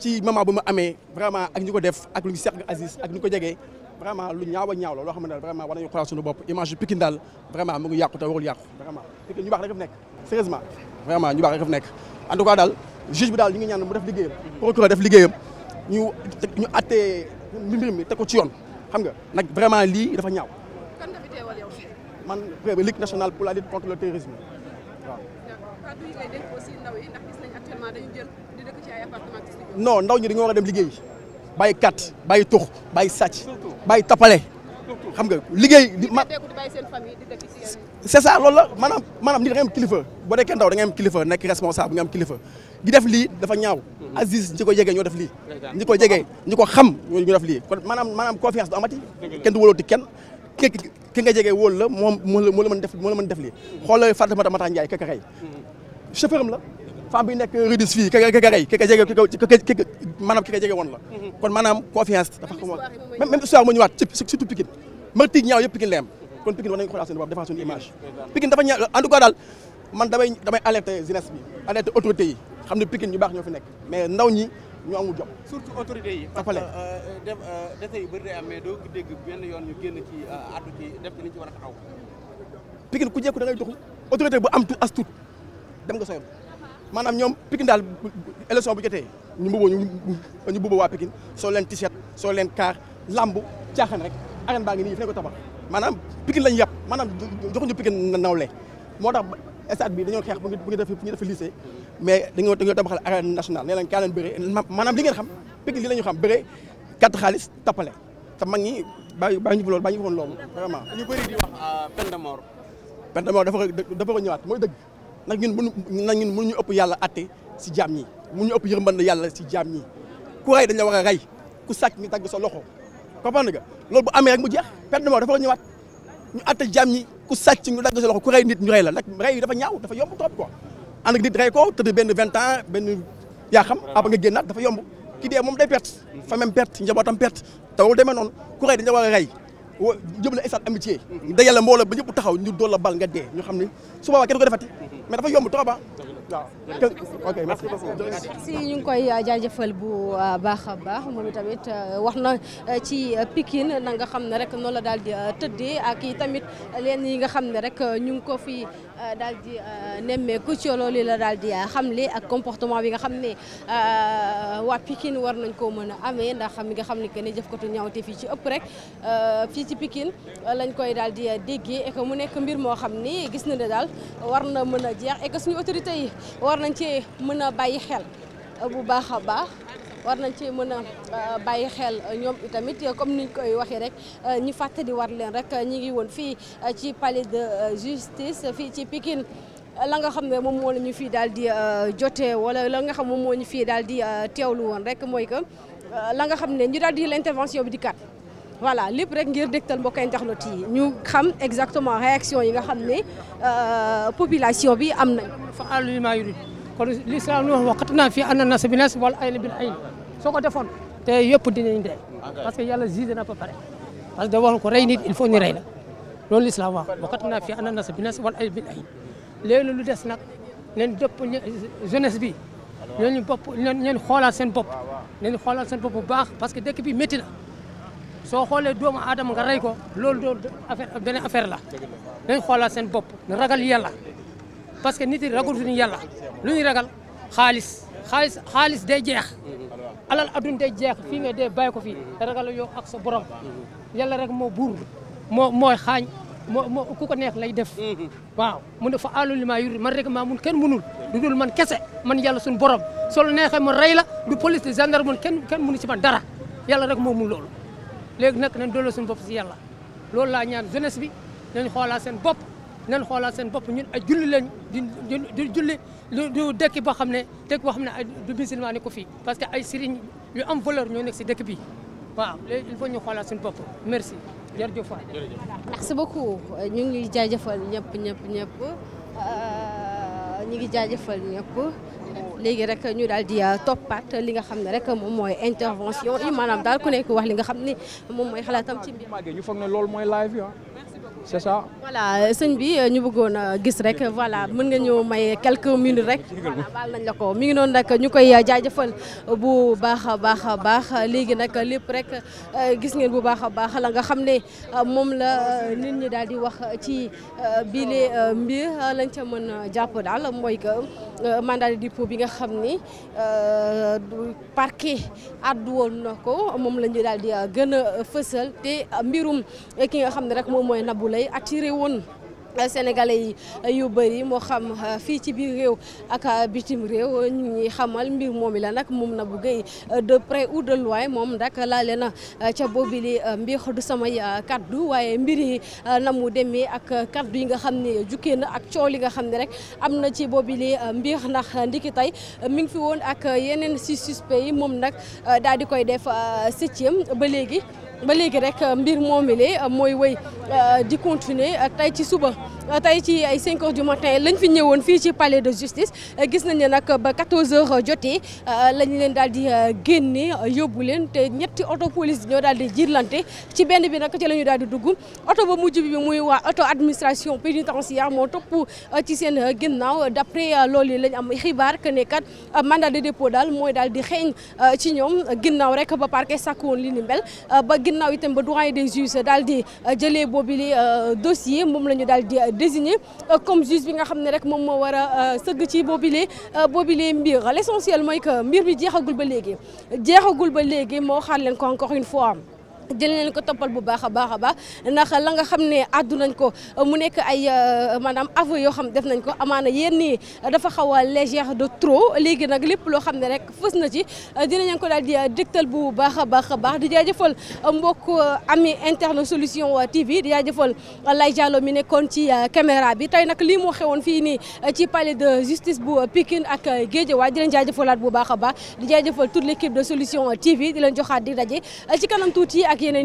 ci moment bu ma amee vraiment ak ñu ko def ak lu seq Aziz ak ñu ko jegee vraiment lu ñaaw a ñaaw la loo xam ne daal vraiment war nañu xalaat suñu bopp image bu Pikine daal vraiment mu ngi yàqu te warul yàqu vraiment Pikine ñu baax rek nekk sérieusement vraiment ñu baax rek nekk en tout cas daal juge bi daal ñu ngi ñaan mu def liggéeyam procureur def liggéeyam ñu ñu attee mbir mi teg ko ci yoon xam nga nag vraiment lii dafa ñaaw man Ligue nationale pour la lutte le terrorisme waaw non ndaw ñi dañoo war a dem liggéey bay kat bay tux bay sàcc bàyyi tapale xam nga liggéey. ma c'est ça loolu la maanaam maanaam nit da ngay am kilifa boo nekkee ndaw da ngay kilifa nekk responsable nga am kilifa di def lii dafa ñaaw. Mhm. Aziz ñi ko jege ñoo def lii. ñi ko jege ñi ko xam ñoo def lii kon maanaam maanaam confiance du amati. kenn du wóolooti kenn. ki nga jege wóolu la moom moo la mën def moo la mën def lii xoolal Fatoumata Mata Ndiaye kaka rey mhm. chauffeur am la. femme bi nekk ridis fii keke keke rey keke jege keke maanaam keke la kon maanaam confiance dafa xam même histoire moo ñëwaat ci surtout Pikine martig ñaaw yëpp Pikine la kon Pikine war nañu xoolaat seen bopp defar suñu image Pikine dafa ñaaw en daal man damay damay alerter bi alerter autorité yi xam ne Pikine ñu baax ñoo fi nekk mais ndaw ñi ñu amul jom surtout autorités yi a taxaw ku jekku da ngay autorité bu am tu as dem nga sa maanaam ñoom Pikine daal élection bu jotee ñu mbubboo ñu mbubboo waa Pikine soo leen t-shirt soo leen kaar lamb caaxaan rek arène baa ngi nii fi ne ko tabax maanaam Pikine lañ yàpp maanaam joxuñu Pikine nawle moo tax stade bi dañoo xeex bu ñu def bu mais dañoo dañoo tabaxal arène nationale nee nañ kaa leen bëree maanaam li ngeen xam Pikine li la xam bëree gàtt xaalis tappale te mag ñi bàyyi bàyyi ñu fa loolu bàyyi ñu fa woon loolu vraiment. ñu bëri di wax euh, peine de mort. peine dafa ko dafa ko ñëwaat mooy dëgg. nag ñun mënu nag ñun mënuñu ëpp yàlla atte si jaam ñi mënuñu ëpp yërmande yàlla si jaam ñi ku rey dañ la war a rey ku sàcc ñu dagg sa loxo comprendre nga loolu bu amee rek mu jeex perte de mort dafa ñëwaat ñu atte jaam ñi ku sàcc ñu dagg sa ku rey nit ñu rey la nag rey dafa ñaaw dafa yomb trop quoi benn vingt ans benn yaa xam aba nga génnaat dafa yomb ki dee moom day perte fa même perte njabootam perte te warul demee noonu ku rey dañ la war a rey jëm la stade amitié dajale mbooloo ba ñëpp taxaw ñu dool la bal nga dee ñu xam ne su boobaa kenn mais dafa yomb trop ah. waaw ok merci beaucoup. merci ñu ngi koy euh, jaajëfal bu euh, baax a baax moom tamit euh, wax na ci Pikine na nga xam ne rek noonu la daal di tëddee ak i tamit leen yi nga xam ne rek ñu ngi ko fi. Euh, daal di euh, nemmeeku ci loolu la daal di euh, xamle ak comportement bi nga xam ne waa Pikine war nañ koo mën a amee ndax xam mi nga xam ne que ne jëfkatu ñaawte fii ci ëpp rek fii ci Pikine lañ koy daal di déggee et mu nekk mbir moo xam ni gis na ne daal war na mën a jeex et suñu autorité yi war nañ ci mën a bàyyi xel bu baax a baax. war nañ ci mën a euh, bàyyi xel euh, ñoom tamit euh, comme niñ koy waxee rek ñu fàttali war leen rek ñi ngi woon fii ci palais de justice fii ci pikin la nga xam ne moom moo la ñu fii daal di jote wala la nga xam moom moo ñu fii daal di teewlu woon rek mooy que la nga xam ne ñu daal di l' intervention bi di kat voilà lépp rek ngir dégtal mbokk internautes yi ñu xam exactement réaction yi nga xam ne population bi am nañ. fa àll maa kon l'islam wax waxat naa fii anna nas bi nas wala ayn bil ayn soo ko defoon te yëpp dinañ dee parce que yàlla jugé na ba pare parce que ko rey nit il faut ni rey na loolu l'islam wax waxat naa fi ana nas bi nas wal ay bil ay léegi lu des nag leen dëpp jeunesse bi ñooñu bopp ñooñu xoolaat seen bopp nañu xoolaat seen bopp bu baax parce que dëkk bi métti na soo xoolee doomu aadama nga rey ko loolu doolu affaire beneen affaire la nañu xoolaat seen bopp na ragal yàlla parce que nit yi ragal suñu yàlla lu ñu ragal xaalis xaalis xaalis day jeex alal addun day jeex fii nga dee bàyyi ko fii ragal yow ak sa borom yalla rek moo buur moo mooy xaañ moo moo ku ko neex lay def mhm. waaw mu ne fa alul li maa yuri man rek maa mun kenn munul du dul man kese man yàlla suñu borom soo neexee ma rey la du police de gendarme mun kenn kenn munu ci man dara yàlla rek moo mun loolu léegi nag nañ dooloo suñu bopp si yàlla loolu laa ñaan jeunesse bi nañ xoolaa seen bopp nañ xoolaa seen bopp ñun ay julli lañ di julli lu du dëkk boo xam ne dëkk boo xam ne ay du musulman ni ko fii parce que ay sëriñ lu am valeur ñoo nekk si dëkk bi waaw léegi il faut ñu xoolaat suñu bopp merci jërëjëf waay. merci beaucoup ñu ngi jaajëfal ñëpp ñëpp ñëpp euh, ñu ngi jaajëfal ñëpp. léegi rek ñu daal di euh, toppaat li nga xam ne rek moom mooy intervention yi maanaam daal ku nekk wax li nga xam ne moom mooy xalaatam ci mbir. ñu foog ne loolu mooy live yi c' est voilà sëñ bi euh, ñu buggoon a euh, gis rek euh, voilà mën nga ñu may quelques minutes rek. voilà baal nañ la ko mi ngi noon nag ñu koy jaajëfal bu baax a baax a baax léegi nag lépp rek gis ngeen bu baax a baax la nga xam ne moom la nit ñi daal di wax ci biile mbir lañ ca mën a jàpp daal mooy que mandat de dépôt bi nga xam ni parquet addu woon na ko moom la ñu daal di gën a fësal te mbirum ki nga xam ne rek moom mooy Nabou Leye yi attiré woon euh, sénégalais yi yu bëri moo xam euh, fii ci biir réew ak euh, bitim réew ñu xamal mbir moom la nag moom na bu gëy de près ou de loin moom nag laale na ca boobi li mbir du samay kaddu waaye mbir yi na mu demee ak kaddu yi nga xam ne jukkee na ak coow li nga xam ne rek am na ci boobi li mbir ndax ndiki tey mi ngi fi woon ak yeneen si suspect yi moom nag daal di koy def septième ba léegi ba léegi rek euh, mbir moom moomile euh, mooy wéy euh, di continuer tey ci suba tey ci ay 5 heures du matin lañ fi ñëwoon fii ci palais de justice gis nañ ne nag ba 14 heures jotee lañ leen daal di génne yóbbu leen te ñetti auto police ñoo daal di jiirlante ci benn bi nag ci la ñu daal di dugg auto ba mujj bi muy waa auto administration pénitentiaire moo topp ci seen ginnaaw d' après loolu lañ am xibaar que ne kat mandat de dépôt daal mooy daal di xeeñ ci ñoom ginnaaw rek ba parquet sàkkuwoon li ginnaaw itam ba doyen des juges daal di euh, jëlee boobu li euh, dossier moom la ñu daal di euh, désigné comme juge bi nga xam ne rek moom moo war a sëgg ci boobu li boobu li mbir l' essentiel mooy que mbir mi jeexagul ba léegi jeexagul ba léegi moo xaar leen ko encore une fois jël nañ ko toppal bu baax a baax a baax ndax langa xam ne àddu nañ ko euh, mu nekk ay euh, maanaam aveu yoo xam def nañ ko amaana yéen nii dafa xaw a légère de trop léegi nag lépp loo xam ne rek fës na ci euh, dinañ ko daal di dégtal bu baax a baax a baax di jaajëfal mbokk ami interne solution TV di jaajëfal Lay Diallo mi nekkoon ci caméra bi tey nag lii moo xewoon fii nii ci palais de justice bu Pikine ak Guédiawaye di leen jaajëfalaat bu baax baax di jaajëfal toute l'équipe de solution TV di leen joxaat di daje ci kanam tuuti ak ak yeneen